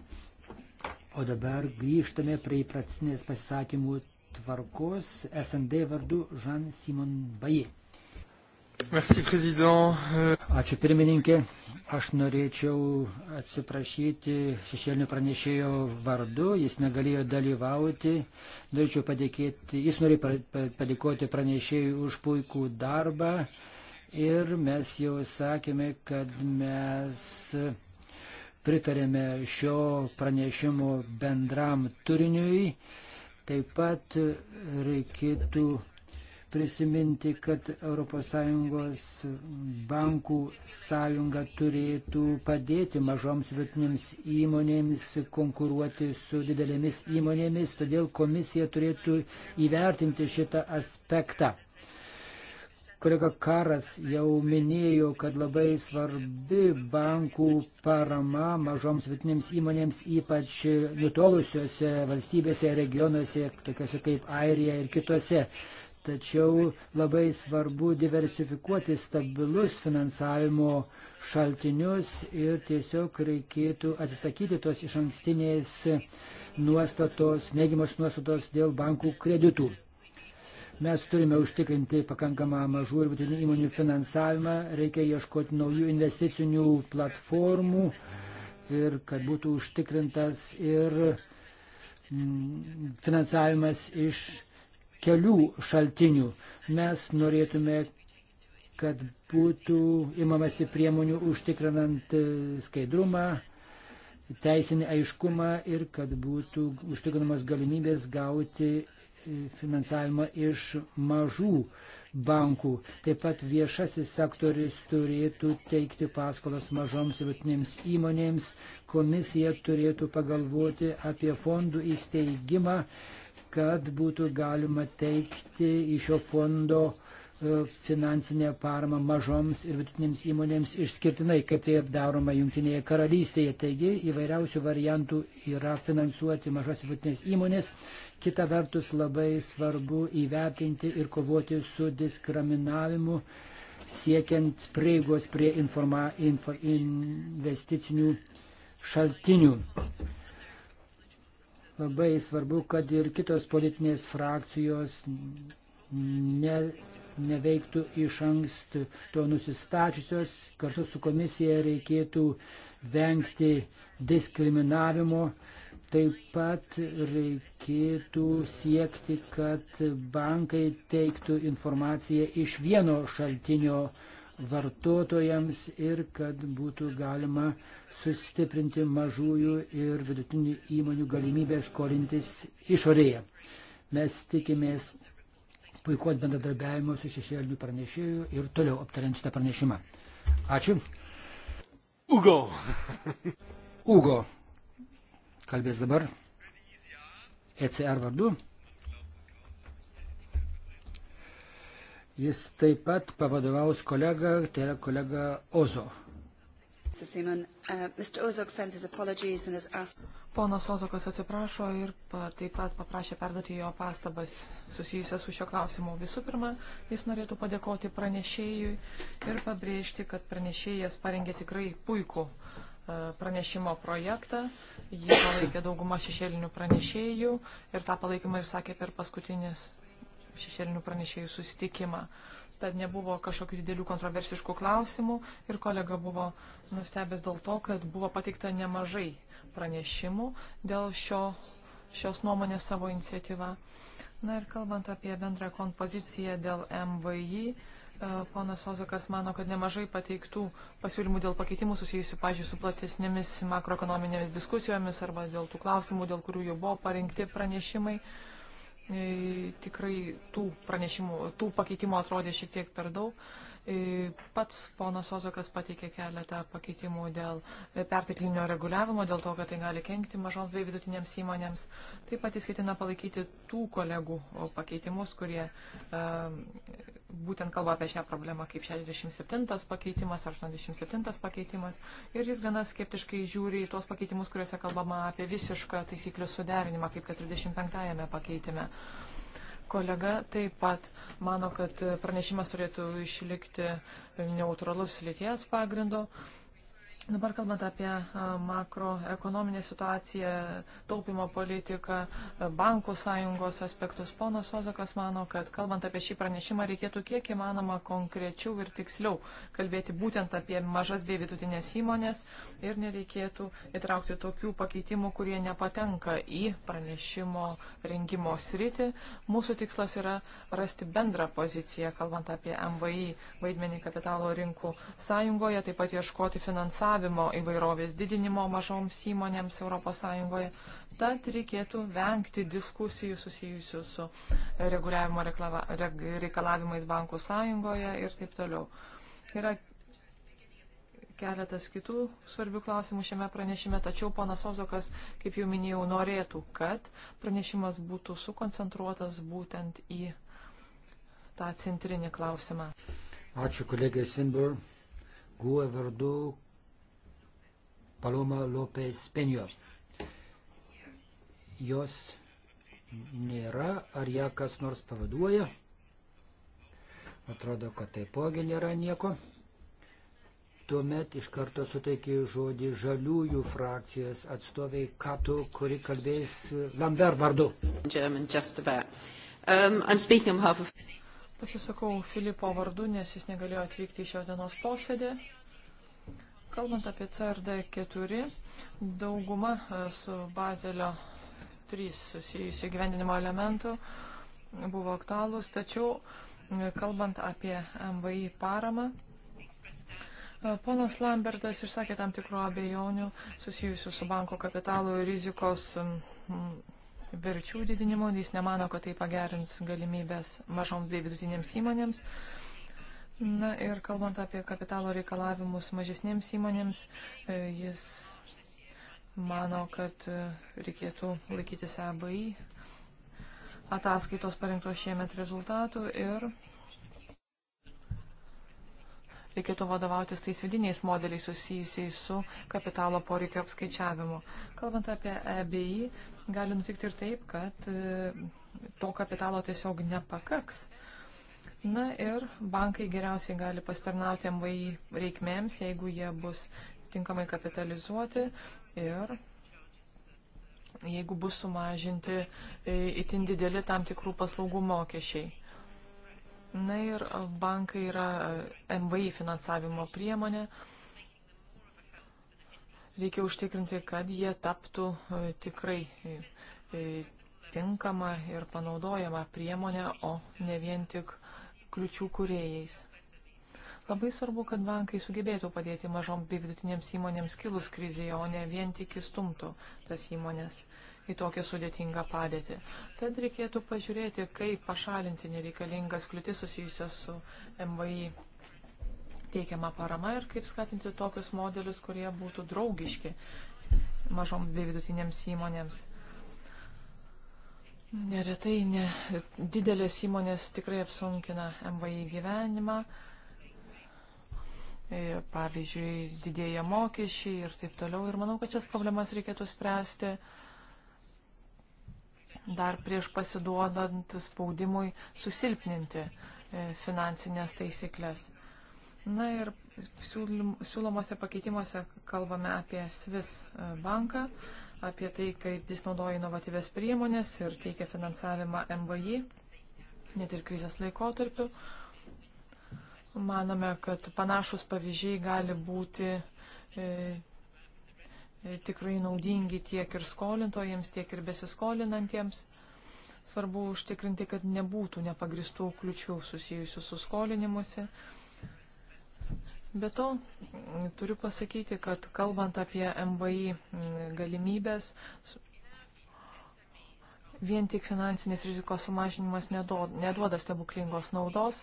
O dabar grįžtame prie įpratinės pasisakymų tvarkos. SND vardu Žan Simon Baji. Merci, président. Euh, Ačiū pirmininkė. Aš norėčiau atsiprašyti šešėlinio pranešėjo vardu, jis negalėjo dalyvauti. Norėčiau padėkėti, jis norėjo padėkoti pranešėjui už puikų darbą. Ir mes jau sakėme, kad mes pritarėme šio pranešimo bendram turiniui. Taip pat reikėtų prisiminti, kad ES bankų sąjunga turėtų padėti mažoms vietinėms įmonėms konkuruoti su didelėmis įmonėmis, todėl komisija turėtų įvertinti šitą aspektą. Kolega Karas jau minėjo, kad labai svarbi bankų parama mažoms vietinėms įmonėms, ypač nutolusiuose valstybėse, regionuose, tokiuose kaip Airija ir kitose. Tačiau labai svarbu diversifikuoti stabilus finansavimo šaltinius ir tiesiog reikėtų atsisakyti tos iš ankstinės nuostatos, neigiamos nuostatos dėl bankų kreditų. Mes turime užtikrinti pakankamą mažų ir vidutinių įmonių finansavimą, reikia ieškoti naujų investicinių platformų ir kad būtų užtikrintas ir mm, finansavimas iš kelių šaltinių. Mes norėtume, kad būtų imamasi priemonių užtikrinant skaidrumą, teisinį aiškumą ir kad būtų užtikrinamas galimybės gauti finansavimą iš mažų bankų. Taip pat viešasis sektoris turėtų teikti paskolas mažoms ir vidutinėms įmonėms. Komisija turėtų pagalvoti apie fondų įsteigimą kad būtų galima teikti iš šio fondo e, finansinę paramą mažoms ir vidutinėms įmonėms išskirtinai, kaip tai daroma Junktinėje karalystėje. Taigi įvairiausių variantų yra finansuoti mažas ir vidutinės įmonės. Kita vertus labai svarbu įvertinti ir kovoti su diskriminavimu, siekiant prieigos prie informa, info, investicinių šaltinių. Labai svarbu, kad ir kitos politinės frakcijos ne, neveiktų iš anksto to nusistačiusios. Kartu su komisija reikėtų vengti diskriminavimo. Taip pat reikėtų siekti, kad bankai teiktų informaciją iš vieno šaltinio vartotojams ir kad būtų galima sustiprinti mažųjų ir vidutinių įmonių galimybę skolintis išorėje. Mes tikimės puikuot bendradarbiavimo su šešėliniu pranešėju ir toliau aptariant šitą pranešimą. Ačiū. Ugo. Ugo. Kalbės dabar ECR vardu. Jis taip pat pavadovaus kolegą, tai yra kolega Ozo. Uh, Ponas Ozokas atsiprašo ir taip pat paprašė perduoti jo pastabas susijusias su šio klausimu. Visų pirma, jis norėtų padėkoti pranešėjui ir pabrėžti, kad pranešėjas parengė tikrai puikų e, pranešimo projektą. Jį palaikė dauguma šešėlinių pranešėjų ir tą palaikymą ir sakė per paskutinis šešėlinių pranešėjų susitikimą. Tad nebuvo kažkokių didelių kontroversiškų klausimų ir kolega buvo nustebęs dėl to, kad buvo pateikta nemažai pranešimų dėl šio, šios nuomonės savo iniciatyva. Na ir kalbant apie bendrą kompoziciją dėl MVI, e, ponas Ozakas mano, kad nemažai pateiktų pasiūlymų dėl pakeitimų susijusių, pažiūrėjau, su platesnėmis makroekonominėmis diskusijomis arba dėl tų klausimų, dėl kurių jau buvo parinkti pranešimai. Uh, E, tikrai tų pranešimų, tų pakeitimų atrodė šiek tiek per daug. E, pats ponas Ozokas pateikė keletą pakeitimų dėl e, perteklinio reguliavimo, dėl to, kad tai gali kenkti mažoms bei vidutinėms įmonėms. Taip pat jis ketina palaikyti tų kolegų pakeitimus, kurie uh, būtent kalba apie šią problemą kaip 67 pakeitimas, 87 pakeitimas ir jis gana skeptiškai žiūri į tuos pakeitimus, kuriuose kalbama apie visišką taisyklių suderinimą, kaip 45 pakeitime. Kolega taip pat mano, kad pranešimas turėtų išlikti neutralus lyties pagrindu Dabar kalbant apie makroekonominę situaciją, taupimo politiką, bankų sąjungos aspektus, ponas Ozakas mano, kad kalbant apie šį pranešimą reikėtų kiek įmanoma konkrečiau ir tiksliau kalbėti būtent apie mažas bei vidutinės įmonės ir nereikėtų įtraukti tokių pakeitimų, kurie nepatenka į pranešimo rengimo sritį. Mūsų tikslas yra rasti bendrą poziciją, kalbant apie MVI vaidmenį kapitalo rinkų sąjungoje, taip pat ieškoti finansavimo reguliavimo įvairovės didinimo mažoms įmonėms ES. Tad reikėtų vengti diskusijų susijusių su reguliavimo reikalavimais bankų sąjungoje ir taip toliau. Yra keletas kitų svarbių klausimų šiame pranešime, tačiau ponas Ozokas, kaip jau minėjau, norėtų, kad pranešimas būtų sukoncentruotas būtent į tą centrinį klausimą. Ačiū kolegė Sinbur. Guo vardu Paloma Lopez Penio. Jos nėra, ar ją kas nors pavaduoja. Atrodo, kad taipogi nėra nieko. Tuomet iš karto suteikiu žodį žaliųjų frakcijos atstoviai Katu, kuri kalbės Lambert vardu. German, um, of... Pasisakau Filipo vardu, nes jis negalėjo atvykti į šios dienos posėdį. Kalbant apie CRD4, dauguma e, su Bazelio 3 susijusių gyvendinimo elementų buvo aktualūs, tačiau e, kalbant apie MVI paramą, e, ponas Lambertas išsakė tam tikrų abejonių susijusių su banko kapitalo ir rizikos verčių didinimu, jis nemano, kad tai pagerins galimybės mažoms bei vidutinėms įmonėms. Na ir kalbant apie kapitalo reikalavimus mažesnėms įmonėms, e, jis mano, kad e, reikėtų laikytis ABI ataskaitos parinktos šiemet rezultatų ir reikėtų vadovautis tais vidiniais modeliais susijusiais su kapitalo poreikio apskaičiavimu. Kalbant apie EBI, gali nutikti ir taip, kad e, to kapitalo tiesiog nepakaks. Uh, Na ir bankai geriausiai gali pastarnauti MVI reikmėms, jeigu jie bus tinkamai kapitalizuoti ir jeigu bus sumažinti e, itin dideli tam tikrų paslaugų mokesčiai. Na ir bankai yra e, MVI finansavimo priemonė. Reikia užtikrinti, kad jie taptų e, tikrai tinkama ir panaudojama priemonė, o ne vien tik kliučių kuriejais. Labai svarbu, kad bankai sugebėtų padėti mažom bei vidutinėms įmonėms kilus krizėje, o ne vien tik įstumtų tas įmonės į tokią sudėtingą padėtį. Tad reikėtų pažiūrėti, kaip pašalinti nereikalingas kliūtis susijusias su MVI teikiama parama ir kaip skatinti tokius modelius, kurie būtų draugiški mažom bei vidutinėms įmonėms. Neretai ne, didelės įmonės tikrai apsunkina MVI gyvenimą. Pavyzdžiui, didėja mokesčiai ir taip toliau. Ir manau, kad šias problemas reikėtų spręsti dar prieš pasiduodant spaudimui susilpninti e, finansinės taisyklės. Na ir siūlomose pakeitimuose kalbame apie Svis e, banką apie tai, kaip jis naudoja inovatyves priemonės ir teikia finansavimą MVI, net ir krizės laikotarpiu. Manome, kad panašus pavyzdžiai gali būti e, e, tikrai naudingi tiek ir skolintojams, tiek ir besiskolinantiems. Svarbu užtikrinti, kad nebūtų nepagristų kliučių susijusių su skolinimuose. Be to, turiu pasakyti, kad kalbant apie MVI galimybės, vien tik finansinės rizikos sumažinimas neduoda stebuklingos naudos,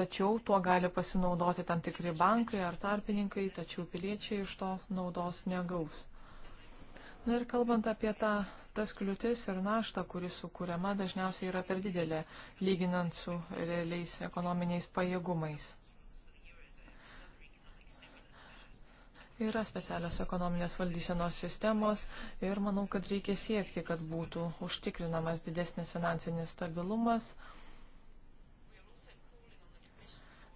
tačiau tuo gali pasinaudoti tam tikri bankai ar tarpininkai, tačiau piliečiai iš to naudos negaus. Na ir kalbant apie tą, tas kliūtis ir naštą, kuris sukūriama, dažniausiai yra per didelė, lyginant su realiais ekonominiais pajėgumais. Yra specialios ekonominės valdysenos sistemos ir manau, kad reikia siekti, kad būtų užtikrinamas didesnis finansinis stabilumas.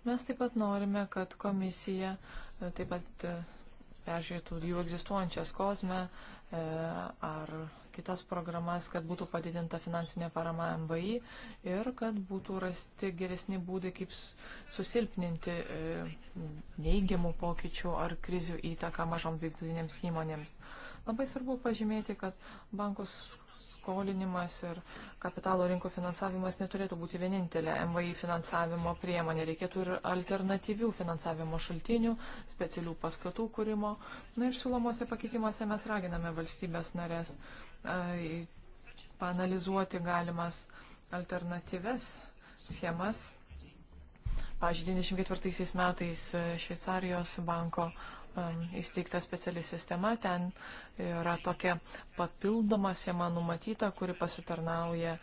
Mes taip pat norime, kad komisija taip pat peržiūrėtų jų egzistuojančias kozme E, ar kitas programas, kad būtų padidinta finansinė parama MVI ir kad būtų rasti geresni būdai, kaip susilpninti e, neigiamų pokyčių ar krizių įtaką mažom vidinėms įmonėms. Labai svarbu pažymėti, kad bankus skolinimas ir kapitalo rinkų finansavimas neturėtų būti vienintelė MVI finansavimo priemonė. Reikėtų ir alternatyvių finansavimo šaltinių, specialių paskatų kūrimo. Na ir siūlomose pakeitimuose mes raginame valstybės narės panalizuoti galimas alternatyves schemas. Pavyzdžiui, 94 metais e, Šveicarijos banko uh, Um, įsteigta speciali sistema, ten yra tokia papildoma schema numatyta, kuri pasitarnauja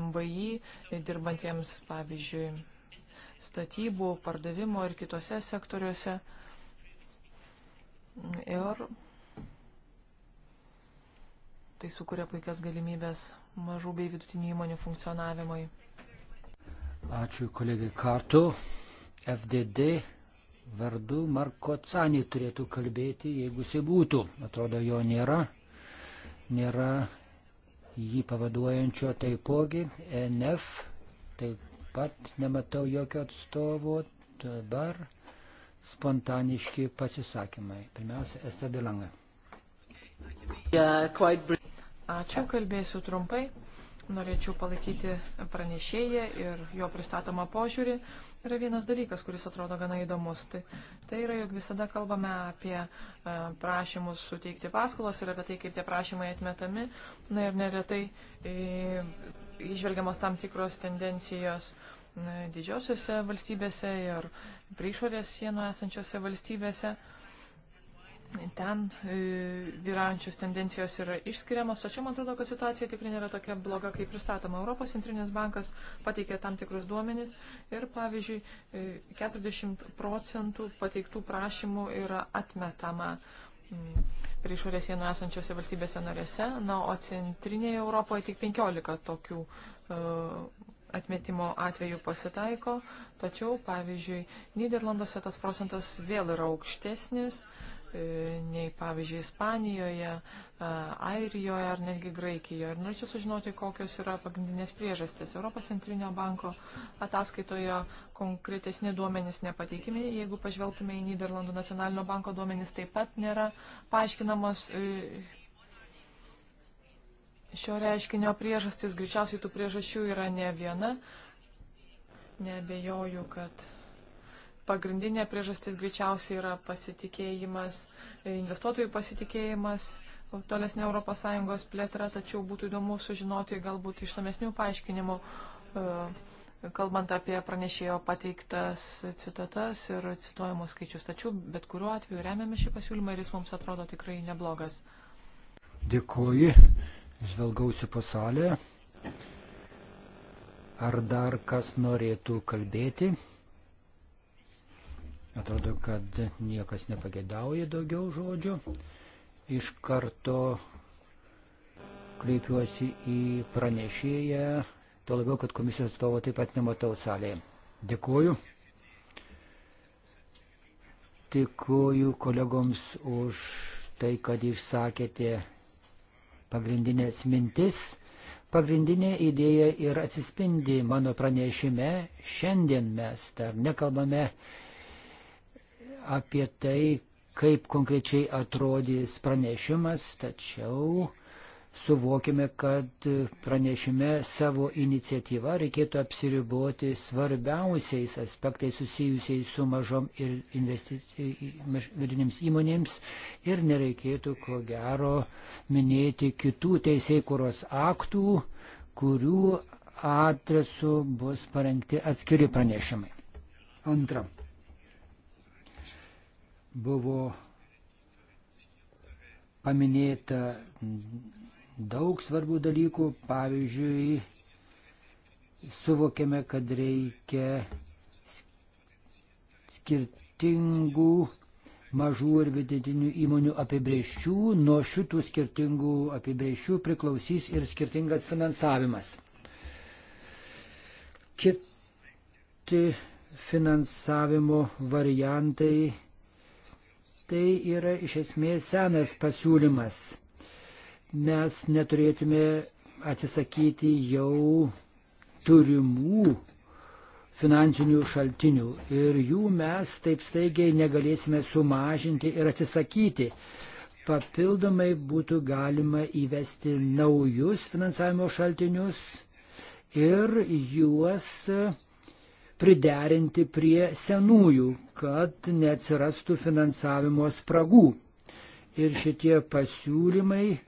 MVI um, dirbantiems, pavyzdžiui, statybų, pardavimo ir kitose sektoriuose. Ir tai sukuria puikias galimybės mažų bei vidutinių įmonių funkcionavimui. Ačiū kolegai Kartu, FDD vardu Marko Cani turėtų kalbėti, jeigu jisai būtų. Atrodo, jo nėra. Nėra jį pavaduojančio taipogi. NF taip pat nematau jokio atstovo. Dabar spontaniški pasisakymai. Pirmiausia, Ester Delanga. Ačiū, kalbėsiu trumpai. Norėčiau palaikyti pranešėją ir jo pristatomą požiūrį. Yra vienas dalykas, kuris atrodo gana įdomus. Tai, tai yra, jog visada kalbame apie e, prašymus suteikti paskolas ir apie tai, kaip tie prašymai atmetami. Na ir neretai e, išvelgiamos tam tikros tendencijos e, didžiosiuose valstybėse ir priešorės sienų esančiose valstybėse ten e, vyrančios tendencijos yra išskiriamos, tačiau man atrodo, kad situacija tikrai nėra tokia bloga, kaip pristatoma. Europos centrinis bankas pateikė tam tikrus duomenys ir, pavyzdžiui, 40 e, procentų pateiktų prašymų yra atmetama mm, prie išorės sienų esančiose valstybėse narėse, na, o centrinėje Europoje tik 15 tokių uh, atmetimo atveju pasitaiko, tačiau, pavyzdžiui, Niderlanduose tas procentas vėl yra aukštesnis E, nei, pavyzdžiui, Ispanijoje, Airijoje ar netgi Graikijoje. Ir norėčiau sužinoti, kokios yra pagrindinės priežastys. Europos centrinio banko ataskaitoje konkretesni duomenys nepateikimi. Jeigu pažvelgtume į Niderlandų nacionalinio banko duomenys, taip pat nėra paaiškinamos e, šio reiškinio priežastys. Greičiausiai tų priežasčių yra ne viena. Nebejoju, kad Pagrindinė priežastis greičiausiai yra pasitikėjimas, investuotojų pasitikėjimas tolesnė ES plėtra, tačiau būtų įdomu sužinoti galbūt išsamesnių paaiškinimų, e, kalbant apie pranešėjo pateiktas citatas ir cituojamus skaičius. Tačiau bet kuriuo atveju remiame šį pasiūlymą ir jis mums atrodo tikrai neblogas. Dėkuoju, žvelgausi pasalę. Ar dar kas norėtų kalbėti? Atrodo, kad niekas nepagėdauja daugiau žodžio. Iš karto kreipiuosi į pranešėją, to labiau, kad komisijos atstovo taip pat nematau salėje. Dėkuoju. Dėkuoju kolegoms už tai, kad išsakėte pagrindinės mintis. Pagrindinė idėja ir atsispindi mano pranešime. Šiandien mes dar nekalbame apie tai, kaip konkrečiai atrodys pranešimas, tačiau suvokime, kad pranešime savo iniciatyvą reikėtų apsiriboti svarbiausiais aspektais susijusiais su mažom ir vidinėms įmonėms ir nereikėtų, ko gero, minėti kitų teisėkuros aktų, kurių adresu bus parengti atskiri pranešimai. Antra. Buvo paminėta daug svarbių dalykų, pavyzdžiui, suvokėme, kad reikia skirtingų mažų ir vidutinių įmonių apibrėžčių, nuo šitų skirtingų apibrėžčių priklausys ir skirtingas finansavimas. Kiti finansavimo variantai Tai yra iš esmės senas pasiūlymas. Mes neturėtume atsisakyti jau turimų finansinių šaltinių ir jų mes taip staigiai negalėsime sumažinti ir atsisakyti. Papildomai būtų galima įvesti naujus finansavimo šaltinius ir juos priderinti prie senųjų, kad neatsirastų finansavimo spragų. Ir šitie pasiūlymai,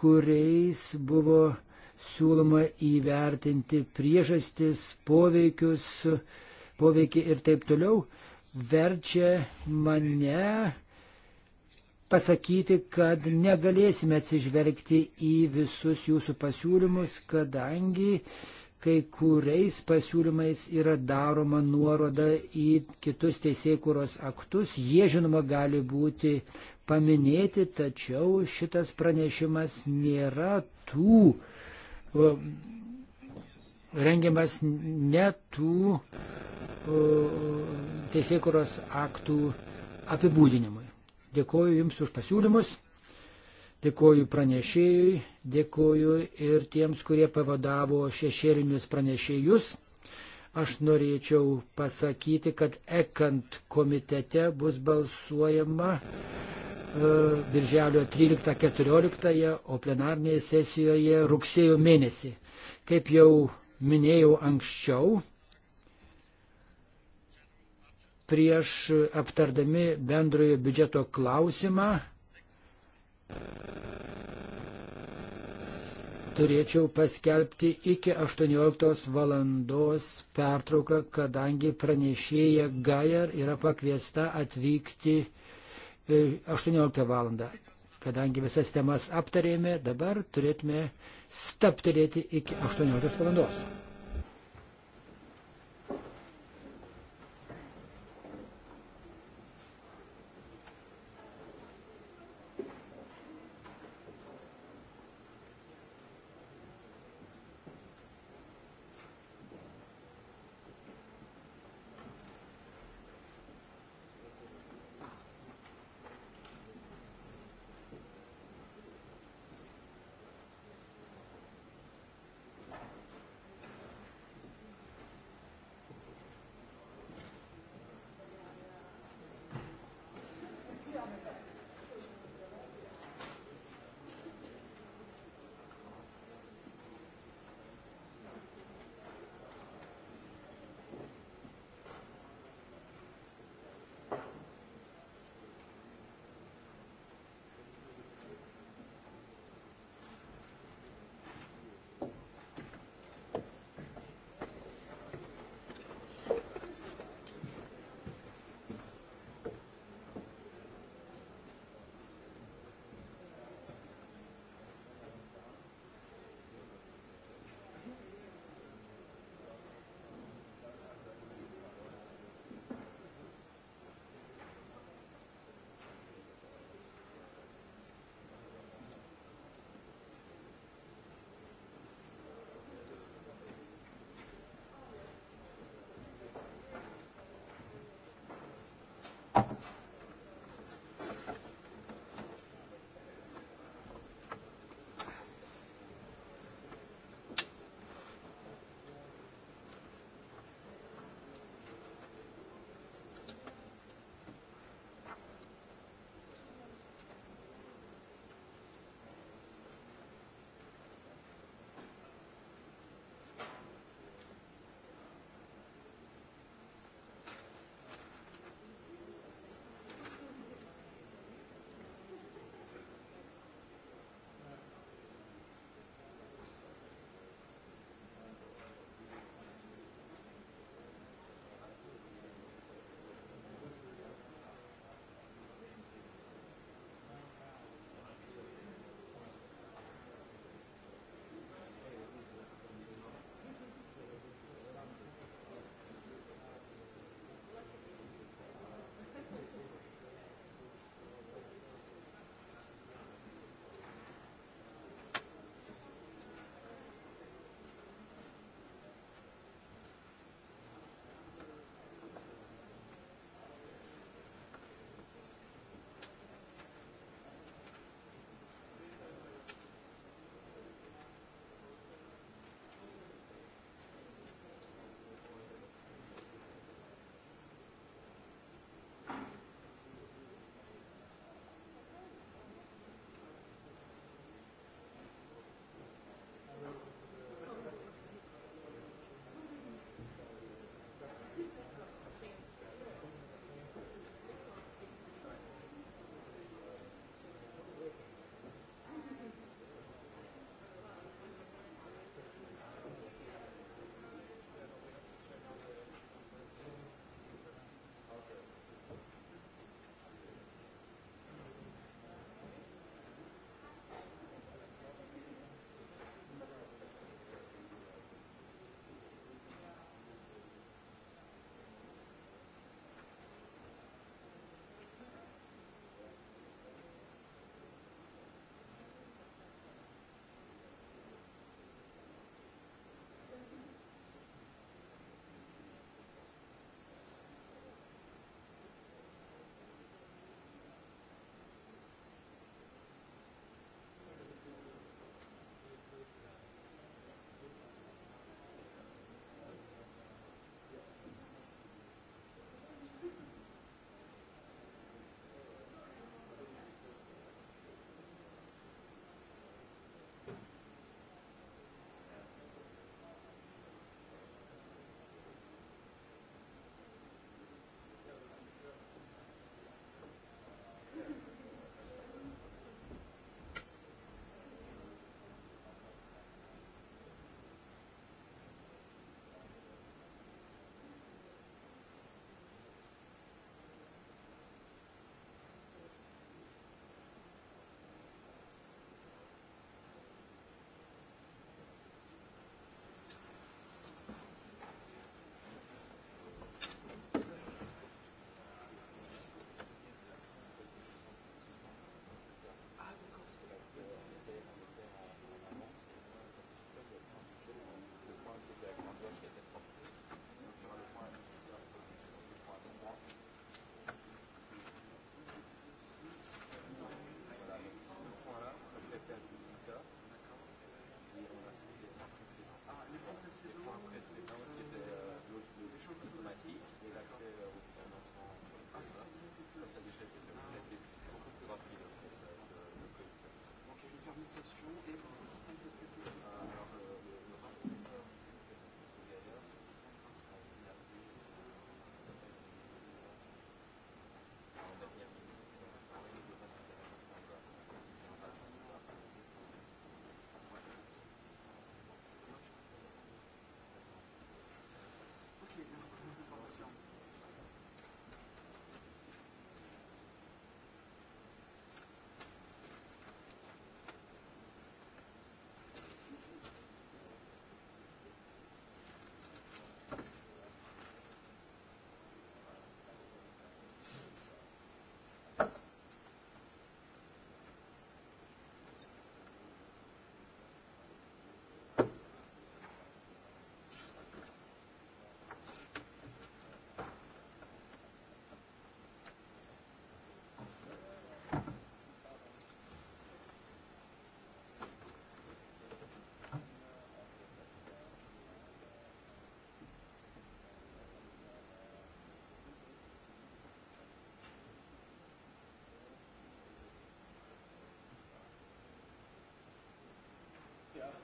kuriais buvo siūloma įvertinti priežastis, poveikius, poveikį ir taip toliau, verčia mane pasakyti, kad negalėsime atsižvelgti į visus jūsų pasiūlymus, kadangi kai kuriais pasiūlymais yra daroma nuoroda į kitus teisėkuros aktus. Jie, žinoma, gali būti paminėti, tačiau šitas pranešimas nėra tų, rengiamas ne tų teisėkuros aktų apibūdinimui. Dėkuoju Jums už pasiūlymus. Dėkoju pranešėjui, dėkoju ir tiems, kurie pavadavo šešėlinius pranešėjus. Aš norėčiau pasakyti, kad ekant komitete bus balsuojama uh, birželio 13-14, o plenarnėje sesijoje rugsėjo mėnesį. Kaip jau minėjau anksčiau, prieš aptardami bendrojo biudžeto klausimą, turėčiau paskelbti iki 18 valandos pertrauką, kadangi pranešėja Gajar yra pakviesta atvykti 18 e, valandą. Kadangi visas temas aptarėme, dabar turėtume staptelėti iki 18 valandos.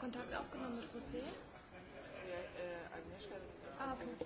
Kontakt aufgenommen mit José? Ja, äh, Agnieszka. Ah, okay.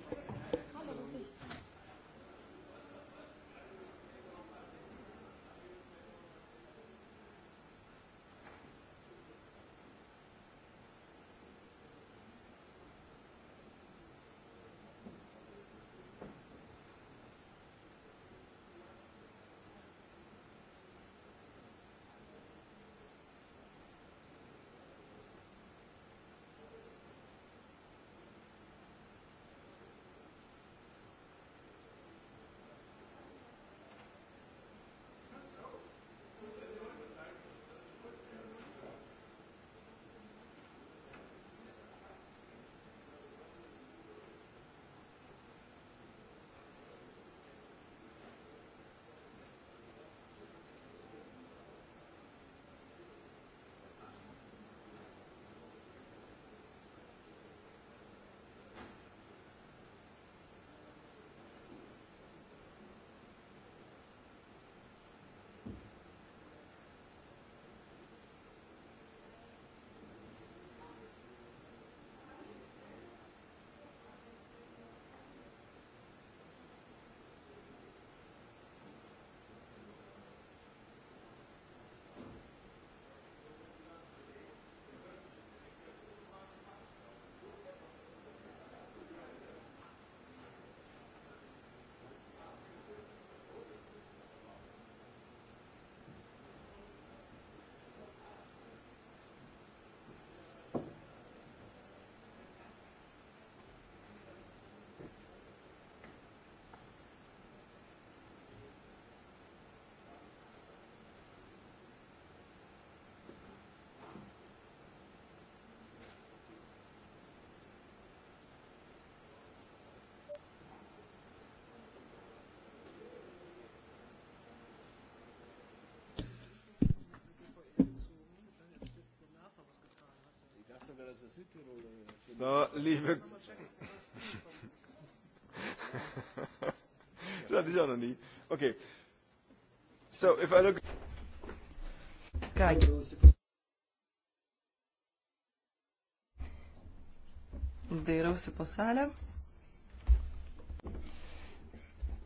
So, liebe. das hatte ich auch noch nie. Okay. So, if I look. Kągi. Dairausi po salę.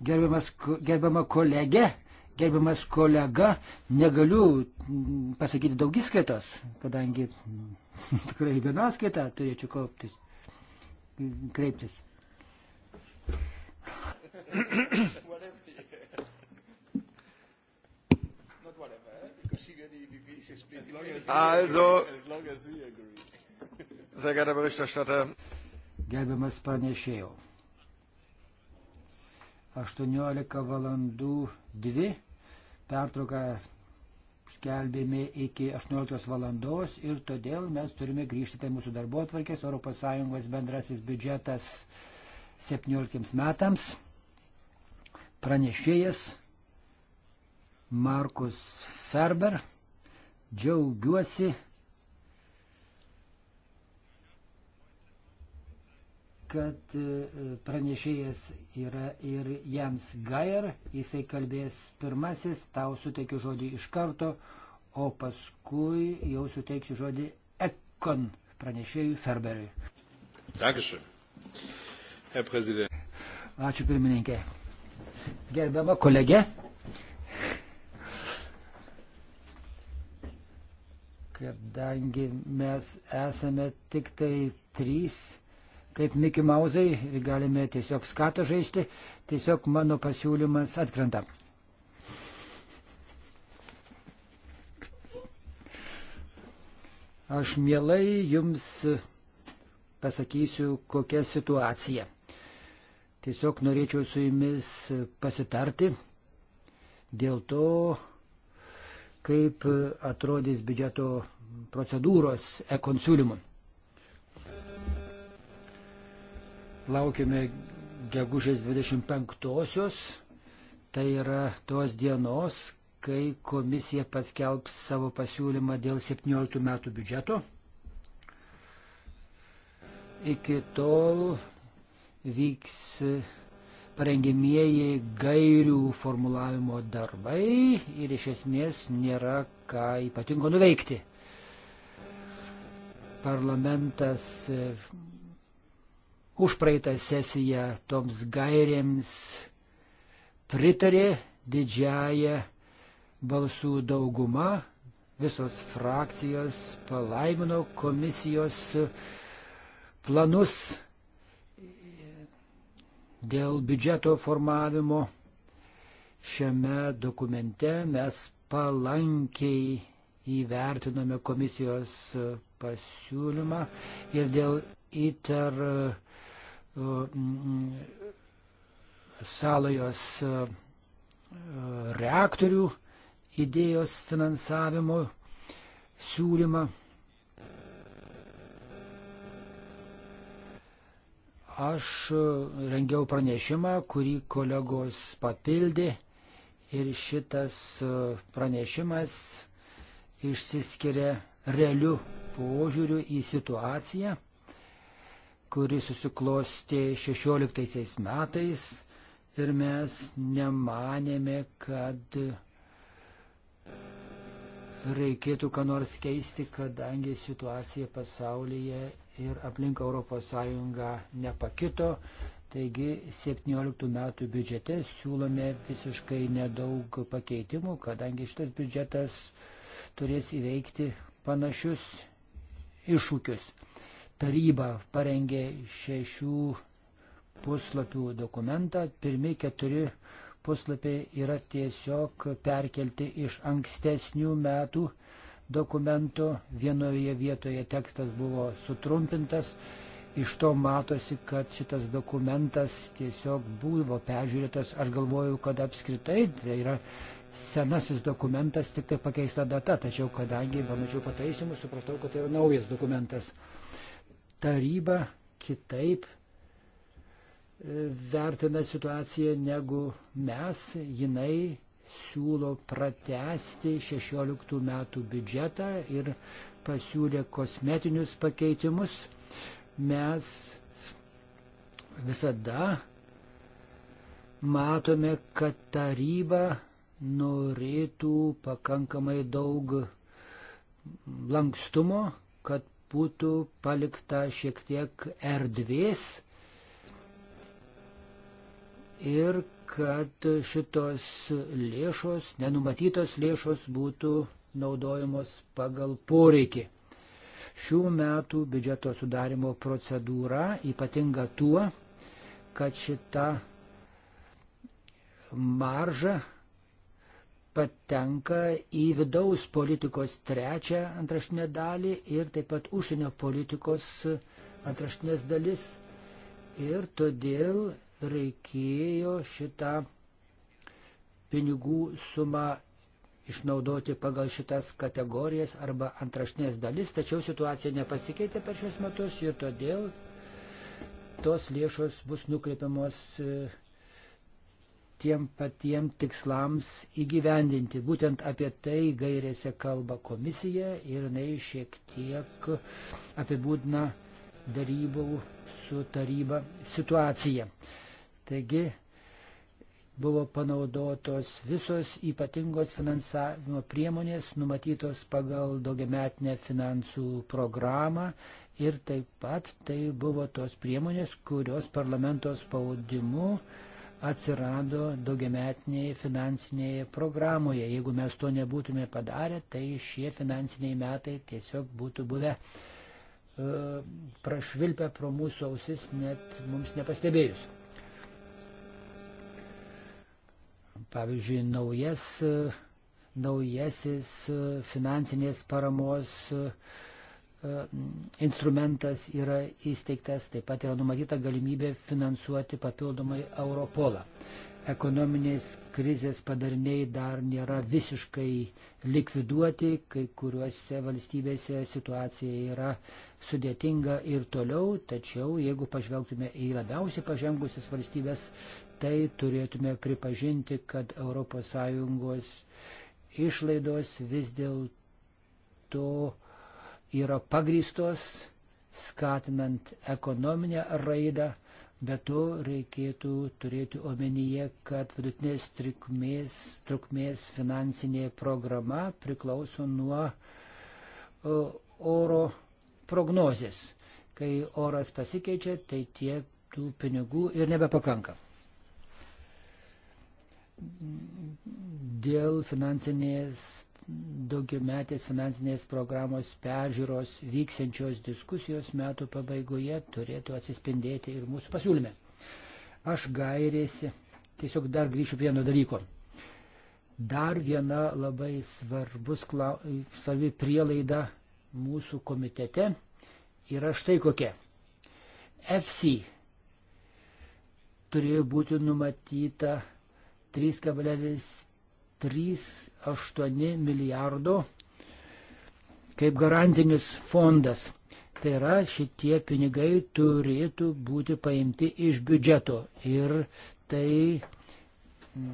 Gerbiamas, gerbiama kolegė, gerbiamas kolega, negaliu pasakyti daugiskaitos, kadangi tikrai vienas kitą turėčiau koptis, kreiptis. Also, sehr geehrter Berichterstatter. Gerbiamas pranešėjau. 18 valandų 2 pertrauką skelbėme iki 18 valandos ir todėl mes turime grįžti prie mūsų darbo atvarkės ES bendrasis biudžetas 17 metams. Pranešėjas Markus Ferber. Džiaugiuosi kad e, pranešėjas yra ir Jans Gajer, jisai kalbės pirmasis, tau suteikiu žodį iš karto, o paskui jau suteiksiu žodį Ekon pranešėjui Ferberiui. Ačiū. Ačiū pirmininkė. Gerbiama kolegė. Kadangi mes esame tik tai trys kaip Mickey Mausai ir galime tiesiog skatą žaisti, tiesiog mano pasiūlymas atkrenta. Aš mielai jums pasakysiu, kokia situacija. Tiesiog norėčiau su jumis pasitarti dėl to, kaip atrodys biudžeto procedūros e-konsiūlymui. Laukime gegužės 25-osios, tai yra tos dienos, kai komisija paskelbs savo pasiūlymą dėl 17 metų biudžeto. Iki tol vyks parengimieji gairių formulavimo darbai ir iš esmės nėra ką ypatingo nuveikti. Parlamentas už praeitą sesiją toms gairėms pritarė didžiaja balsų dauguma, visos frakcijos palaimino komisijos planus dėl biudžeto formavimo. Šiame dokumente mes palankiai įvertinome komisijos pasiūlymą ir dėl ITER salojos reaktorių idėjos finansavimo siūlymą. Aš rengiau pranešimą, kurį kolegos papildė ir šitas pranešimas išsiskiria realiu požiūriu į situaciją kuri susiklosti 16 metais ir mes nemanėme, kad reikėtų ką nors keisti, kadangi situacija pasaulyje ir aplink ES nepakito. Taigi 17 metų biudžete siūlome visiškai nedaug pakeitimų, kadangi šitas biudžetas turės įveikti panašius iššūkius taryba parengė šešių puslapių dokumentą. Pirmi keturi puslapiai yra tiesiog perkelti iš ankstesnių metų dokumento. Vienoje vietoje tekstas buvo sutrumpintas. Iš to matosi, kad šitas dokumentas tiesiog buvo peržiūrėtas. Aš galvoju, kad apskritai tai yra senasis dokumentas, tik tai pakeista data. Tačiau kadangi pamačiau pataisimus, supratau, kad tai yra naujas dokumentas taryba kitaip e, vertina situaciją negu mes. Jinai siūlo pratesti 16 metų biudžetą ir pasiūlė kosmetinius pakeitimus. Mes visada matome, kad taryba norėtų pakankamai daug lankstumo, būtų palikta šiek tiek erdvės ir kad šitos lėšos, nenumatytos lėšos būtų naudojamos pagal poreikį. Šių metų biudžeto sudarimo procedūra ypatinga tuo, kad šita marža patenka į vidaus politikos trečią antraštinę dalį ir taip pat užsienio politikos antraštinės dalis. Ir todėl reikėjo šitą pinigų sumą išnaudoti pagal šitas kategorijas arba antraštinės dalis, tačiau situacija nepasikeitė per šios metus ir todėl tos lėšos bus nukreipiamos e, tiem patiem tikslams įgyvendinti. Būtent apie tai gairėse kalba komisija ir jinai šiek tiek apibūdina darybų su taryba situaciją. Taigi buvo panaudotos visos ypatingos finansavimo priemonės numatytos pagal daugiametinę finansų programą ir taip pat tai buvo tos priemonės, kurios parlamento spaudimu uh, atsirado daugiametinėje finansinėje programoje. Jeigu mes to nebūtume padarę, tai šie finansiniai metai tiesiog būtų buvę e, prašvilpę pro mūsų ausis net mums nepastebėjus. Pavyzdžiui, naujas, e, naujasis e, finansinės paramos uh, E, instrumentas yra įsteigtas, taip pat yra numatyta galimybė finansuoti papildomai Europolą. Ekonominės krizės padariniai dar nėra visiškai likviduoti, kai kuriuose valstybėse situacija yra sudėtinga ir toliau, tačiau jeigu pažvelgtume į labiausiai pažengusias valstybės, tai turėtume pripažinti, kad ES išlaidos vis dėlto yra pagristos, skatinant ekonominę raidą, bet to reikėtų turėti omenyje, kad vidutinės trukmės, trukmės finansinė programa priklauso nuo oro prognozės. Kai oras pasikeičia, tai tie tų pinigų ir nebepakanka dėl finansinės daugiametės finansinės programos peržiūros vyksiančios diskusijos metų pabaigoje turėtų atsispindėti ir mūsų pasiūlyme. Aš gairėsi, tiesiog dar grįšiu prie vieno dalyko. Dar viena labai svarbus, svarbi prielaida mūsų komitete yra štai kokia. FC turėjo būti numatyta 3,3 3,8 milijardo kaip garantinis fondas. Tai yra, šitie pinigai turėtų būti paimti iš biudžeto. Ir tai mm,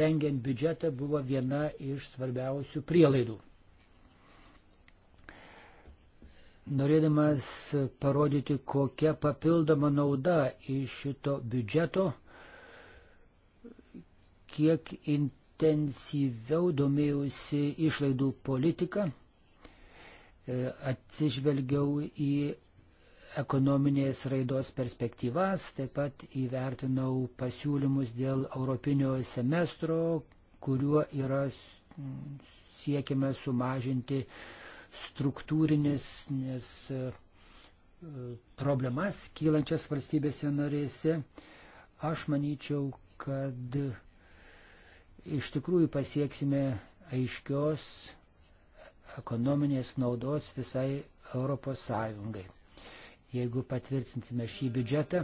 rengiant biudžetą buvo viena iš svarbiausių prielaidų. Norėdamas parodyti, kokia papildoma nauda iš šito biudžeto, kiek in, intensyviau domėjausi išlaidų politiką, e, atsižvelgiau į ekonominės raidos perspektyvas, taip pat įvertinau pasiūlymus dėl europinio semestro, kuriuo yra siekime sumažinti struktūrinis nes, e, problemas kylančias valstybėse norėse. Aš manyčiau, kad iš tikrųjų pasieksime aiškios ekonominės naudos visai Europos Sąjungai. Jeigu patvirtinsime šį biudžetą,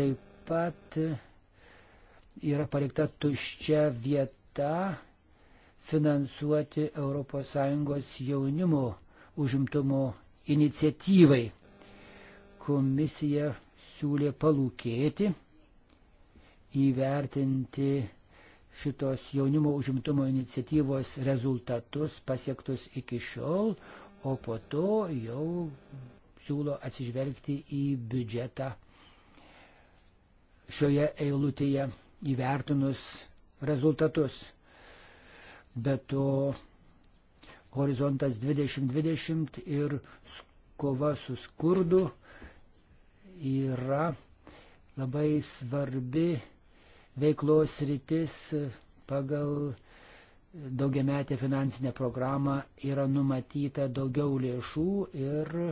taip pat yra palikta tuščia vieta finansuoti ES jaunimo užimtumo iniciatyvai. Komisija siūlė palūkėti, įvertinti šitos jaunimo užimtumo iniciatyvos rezultatus pasiektus iki šiol, o po to jau siūlo atsižvelgti į biudžetą šioje eilutėje įvertinus rezultatus. Be to, horizontas 2020 ir kova su skurdu yra labai svarbi veiklos rytis pagal daugiametę finansinę programą yra numatyta daugiau lėšų ir e,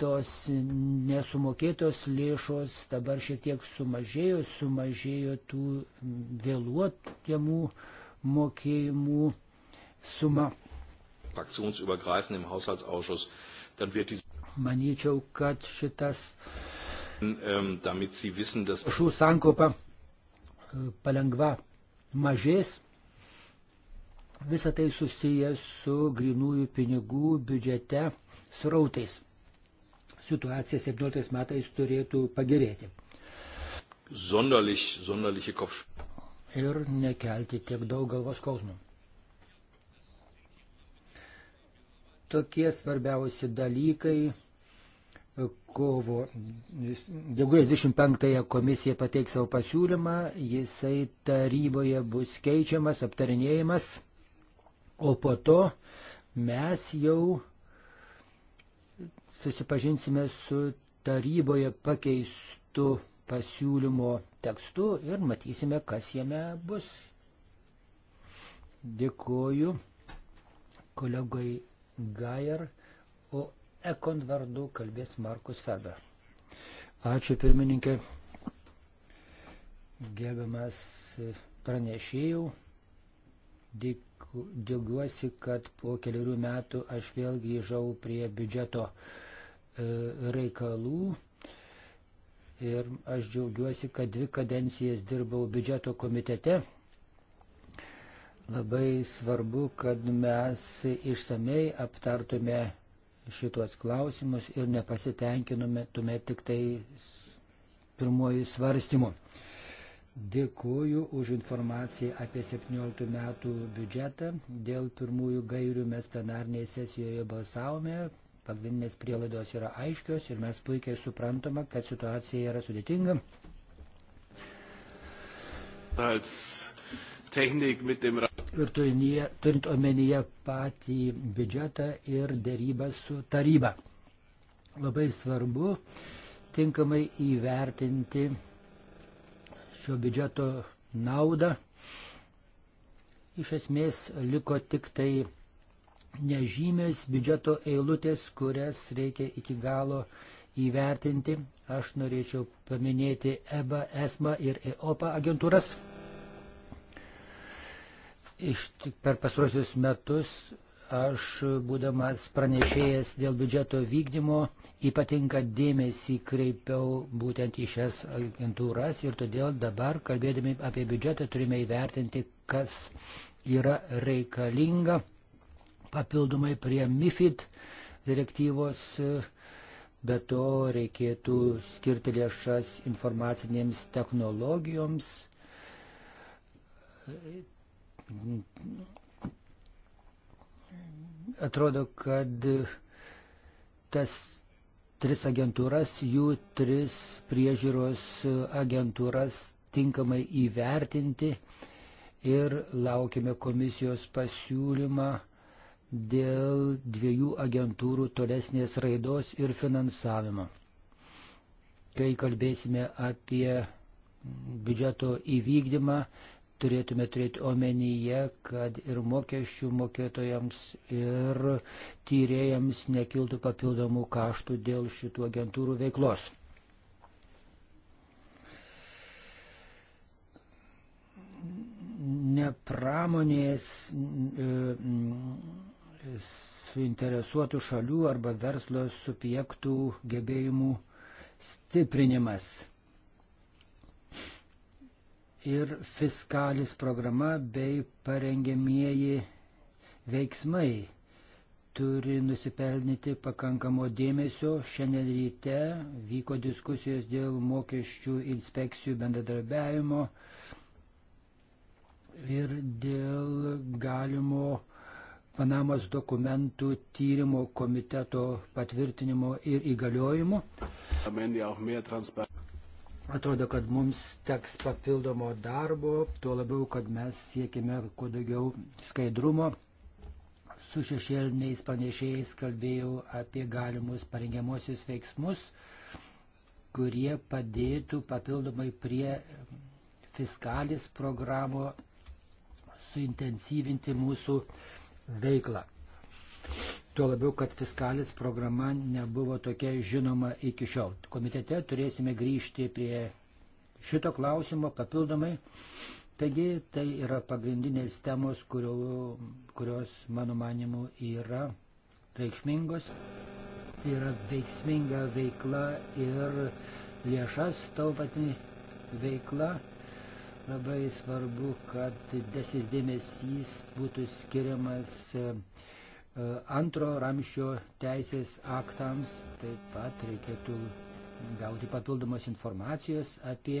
tos nesumokėtos lėšos dabar šiek tiek sumažėjo, sumažėjo tų vėluotiamų mokėjimų suma. Manyčiau, kad šitas Ähm, Šų sankopa e, palengva mažės. Visą tai susijęs su grinųjų pinigų biudžete srautais. Situacija 17 metais turėtų pagerėti. Sonderlich, sonderliche Kopf. Ir nekelti tiek daug galvos skausmų. Tokie svarbiausi dalykai kovo, gegužės 25-ąją komisija pateiks savo pasiūlymą, jisai taryboje bus keičiamas, aptarinėjimas, o po to mes jau susipažinsime su taryboje pakeistu pasiūlymo tekstu ir matysime, kas jame bus. Dėkuoju kolegai Gajer Ekon vardu kalbės Markus Feber. Ačiū pirmininkė. Gerbiamas pranešėjau. Džiaugiuosi, kad po keliarių metų aš vėl grįžau prie biudžeto e, reikalų. Ir aš džiaugiuosi, kad dvi kadencijas dirbau biudžeto komitete. Labai svarbu, kad mes išsamei aptartume šituos klausimus ir nepasitenkinome tuomet tik tai pirmojų svarstymų. Dėkuoju už informaciją apie 17 metų biudžetą. Dėl pirmųjų gairių mes plenarnėje sesijoje balsavome. Pagrindinės prielaidos yra aiškios ir mes puikiai suprantame, kad situacija yra sudėtinga. Als Ir turinyje, turint omenyje patį biudžetą ir dėrybą su taryba. Labai svarbu tinkamai įvertinti šio biudžeto naudą. Iš esmės liko tik tai nežymės biudžeto eilutės, kurias reikia iki galo įvertinti. Aš norėčiau paminėti EBA, e ESMA ir EOPA agentūras. Iš tik per pastarosius metus aš, būdamas pranešėjas dėl biudžeto vykdymo, ypatinga dėmesį kreipiau būtent į šias agentūras ir todėl dabar, kalbėdami apie biudžetą, turime įvertinti, kas yra reikalinga papildomai prie MIFID direktyvos. Be to reikėtų skirti lėšas informacinėms technologijoms, atrodo, kad tas tris agentūras, jų tris priežiūros agentūras tinkamai įvertinti ir laukime komisijos pasiūlymą dėl dviejų agentūrų tolesnės raidos ir finansavimo. Kai kalbėsime apie biudžeto įvykdymą, turėtume turėti omenyje, kad ir mokesčių mokėtojams, ir tyrėjams nekiltų papildomų kaštų dėl šitų agentūrų veiklos. Nepramonės e, suinteresuotų šalių arba verslo subjektų gebėjimų stiprinimas ir fiskalis programa bei parengėmieji veiksmai turi nusipelnyti pakankamo dėmesio. Šiandien ryte vyko diskusijos dėl mokesčių inspekcijų bendradarbiavimo ir dėl galimo Panamos dokumentų tyrimo komiteto patvirtinimo ir įgaliojimo. Atrodo, kad mums teks papildomo darbo, tuo labiau, kad mes siekime kuo daugiau skaidrumo. Su šešėliniais panešėjais kalbėjau apie galimus parengiamuosius veiksmus, kurie padėtų papildomai prie fiskalis programo suintensyvinti mūsų veiklą. Tuo labiau, kad fiskalis programa nebuvo tokia žinoma iki šiol. Komitete turėsime grįžti prie šito klausimo papildomai. Taigi tai yra pagrindinės temos, kurio, kurios, mano manimu, yra reikšmingos. Tai yra veiksminga veikla ir lėšas taupatį veikla. Labai svarbu, kad desis dėmesys būtų skiriamas uh, E, antro ramščio teisės aktams taip pat reikėtų gauti papildomos informacijos apie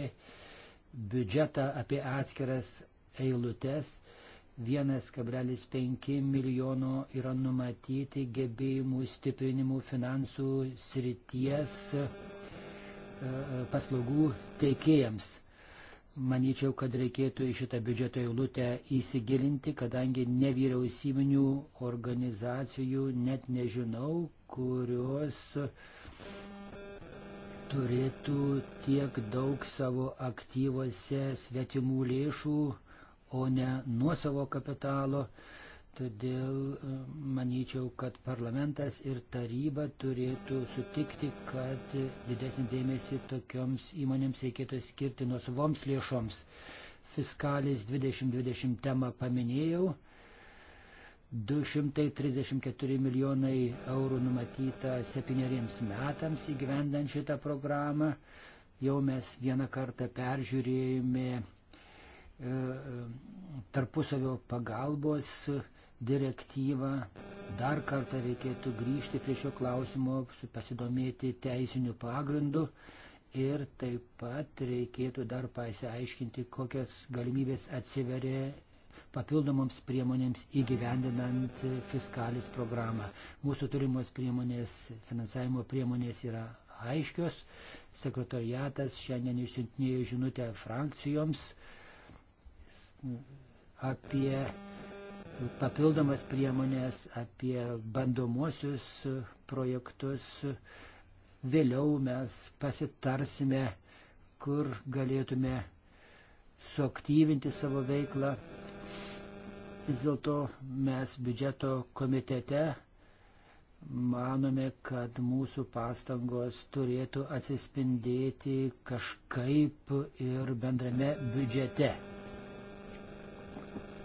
biudžetą, apie atskiras eilutes. 1,5 milijono yra numatyti gebėjimų stiprinimų finansų srities e, e, paslaugų teikėjams manyčiau, kad reikėtų į šitą biudžeto eilutę įsigilinti, kadangi nevyriausybinių organizacijų net nežinau, kurios turėtų tiek daug savo aktyvose svetimų lėšų, o ne nuo savo kapitalo. Uh, Todėl e, manyčiau, kad parlamentas ir taryba turėtų sutikti, kad didesnį dėmesį tokioms įmonėms reikėtų skirti nuosavoms lėšoms. Fiskalis 2020 temą paminėjau. 234 milijonai eurų numatyta septyneriems metams įgyvendant šitą programą. Jau mes vieną kartą peržiūrėjome e, e tarpusavio pagalbos e, direktyvą. Dar kartą reikėtų grįžti prie šio klausimo, pasidomėti teisiniu pagrindu ir taip pat reikėtų dar pasiaiškinti, kokias galimybės atsiveria papildomoms priemonėms įgyvendinant fiskalis programą. Mūsų turimos priemonės, finansavimo priemonės yra aiškios. Sekretariatas šiandien išsintinėjo žinutę frakcijoms apie papildomas priemonės, apie bandomuosius projektus. Vėliau mes pasitarsime, kur galėtume suaktyvinti savo veiklą. Vis dėlto mes biudžeto komitete manome, kad mūsų pastangos turėtų atsispindėti kažkaip ir bendrame biudžete.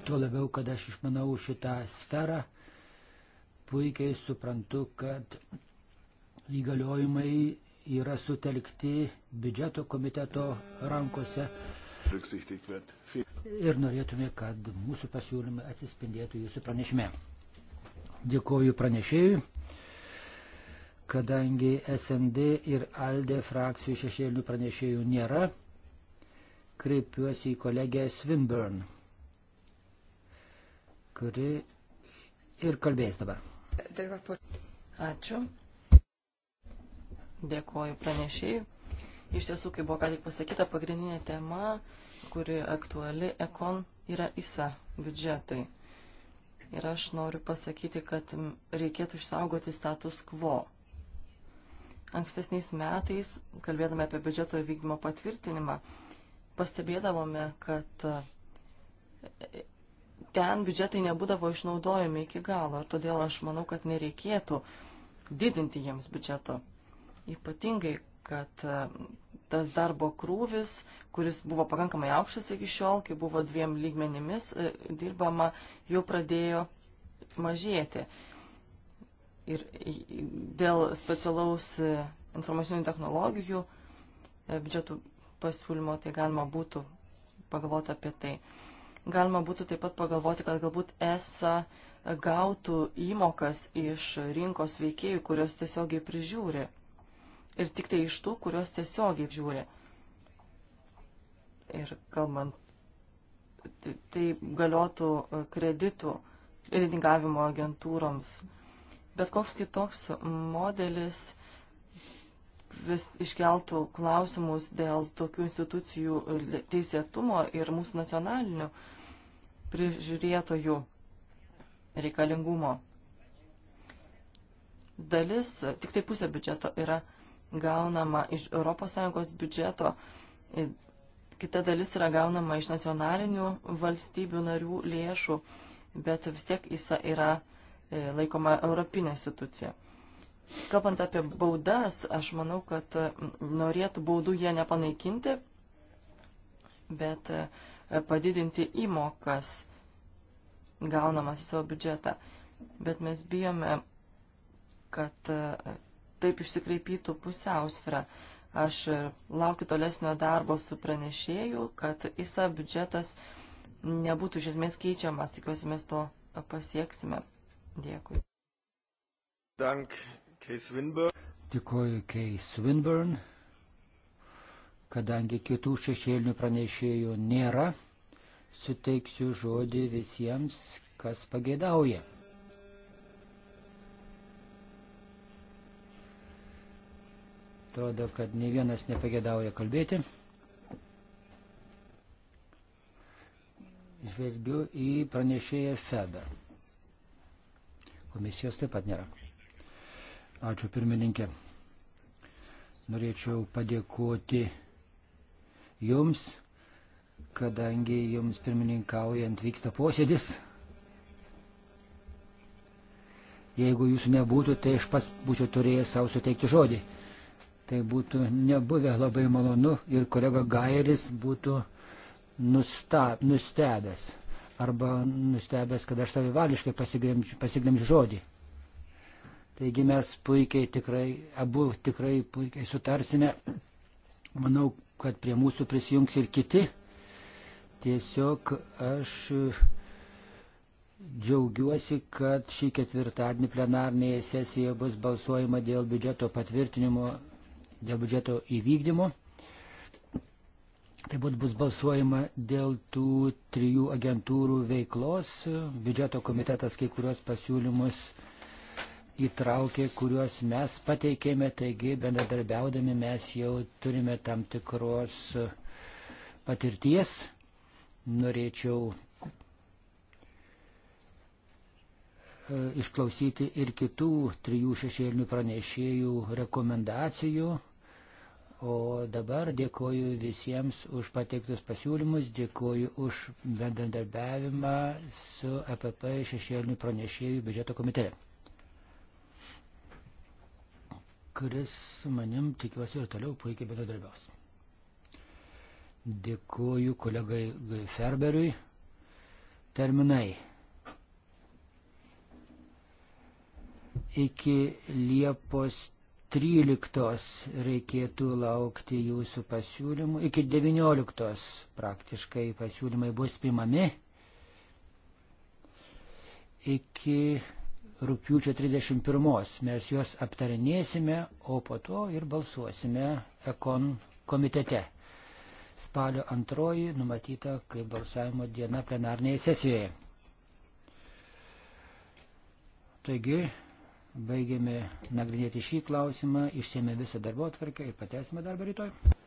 Tuo labiau, kad aš išmanau šitą sferą, puikiai suprantu, kad įgaliojimai yra sutelkti biudžeto komiteto rankose. Ir norėtume, kad mūsų pasiūlymai atsispindėtų jūsų pranešime. Dėkoju pranešėjui, kadangi SND ir ALDE frakcijų šešėlinių pranešėjų nėra, kreipiuosi į kolegę Svinburn kuri ir kalbės dabar. Ačiū. Dėkoju pranešėjai. Iš tiesų, kaip buvo ką tik pasakyta, pagrindinė tema, kuri aktuali ekon, yra ISA biudžetai. Ir aš noriu pasakyti, kad reikėtų išsaugoti status quo. Ankstesniais metais, kalbėdami apie biudžeto įvykdymo patvirtinimą, pastebėdavome, kad e, e, ten biudžetai nebūdavo išnaudojami iki galo ir todėl aš manau, kad nereikėtų didinti jiems biudžeto. Ypatingai, kad e, tas darbo krūvis, kuris buvo pakankamai aukštas iki šiol, kai buvo dviem lygmenimis e, dirbama, jau pradėjo mažėti. Ir dėl specialaus e, informacinių technologijų biudžetų pasiūlymo tai galima būtų pagalvoti apie tai. Galima būtų taip pat pagalvoti, kad galbūt ESA gautų įmokas iš rinkos veikėjų, kurios tiesiogiai prižiūri. Ir tik tai iš tų, kurios tiesiogiai žiūri. Ir kalbant, tai, tai galiotų kreditų reitingavimo agentūroms. Bet koks kitoks modelis vis iškeltų klausimus dėl tokių institucijų teisėtumo ir mūsų nacionalinių prižiūrėtojų reikalingumo. Dalis, tik tai pusė biudžeto yra gaunama iš ES biudžeto, kita dalis yra gaunama iš nacionalinių valstybių narių lėšų, bet vis tiek jis yra e, laikoma europinė institucija. Kalbant apie baudas, aš manau, kad norėtų baudų jie nepanaikinti, bet e, padidinti įmokas gaunamas į savo biudžetą. Bet mes bijome, kad e, taip išsikreipytų pusiausvyrą. Aš e, laukiu tolesnio darbo su pranešėju, kad įsa biudžetas nebūtų iš esmės keičiamas. Tikiuosi, mes to pasieksime. Dėkui. Dank Dėkoju Kei Swinburne, kadangi kitų šešėlinių pranešėjų nėra, suteiksiu žodį visiems, kas pageidauja. Atrodo, kad ne vienas nepageidauja kalbėti. žvelgiu į pranešėją Feber. Komisijos taip pat nėra. Ačiū pirmininkė. Norėčiau padėkoti Jums, kadangi Jums pirmininkaujant vyksta posėdis. Jeigu Jūsų nebūtų, tai aš pats būčiau turėjęs savo suteikti žodį. Tai būtų nebuvę labai malonu ir kolega Gairis būtų nusta, nustebęs arba nustebęs, kad aš savivališkai pasiglemžiu žodį. Taigi mes puikiai tikrai, abu tikrai puikiai sutarsime. Manau, kad prie mūsų prisijungs ir kiti. Tiesiog aš džiaugiuosi, kad šį ketvirtadienį plenarnėje sesijoje bus balsuojama dėl biudžeto patvirtinimo, dėl biudžeto įvykdymo. Taip pat bus balsuojama dėl tų trijų agentūrų veiklos. Biudžeto komitetas kai kurios pasiūlymus uh, įtraukė, kuriuos mes pateikėme, taigi bendradarbiaudami mes jau turime tam tikros patirties. Norėčiau e, išklausyti ir kitų trijų šešėlinių pranešėjų rekomendacijų. O dabar dėkoju visiems už pateiktus pasiūlymus, dėkoju už bendradarbiavimą su EPP šešėlinių pranešėjų biudžeto komitete kuris su manim tikiuosi ir toliau puikiai bendradarbiaus. Dėkuoju kolegai Ferberiui. Terminai. Iki Liepos 13 reikėtų laukti jūsų pasiūlymų. Iki 19 praktiškai pasiūlymai bus primami. Iki rūpiučio 31. Mes juos aptarinėsime, o po to ir balsuosime ekon komitete. Spalio antroji numatyta kaip balsavimo diena plenarnėje sesijoje. Taigi, baigėme nagrinėti šį klausimą, išsėmė visą darbo atvarkę ir patęsime darbą rytoj.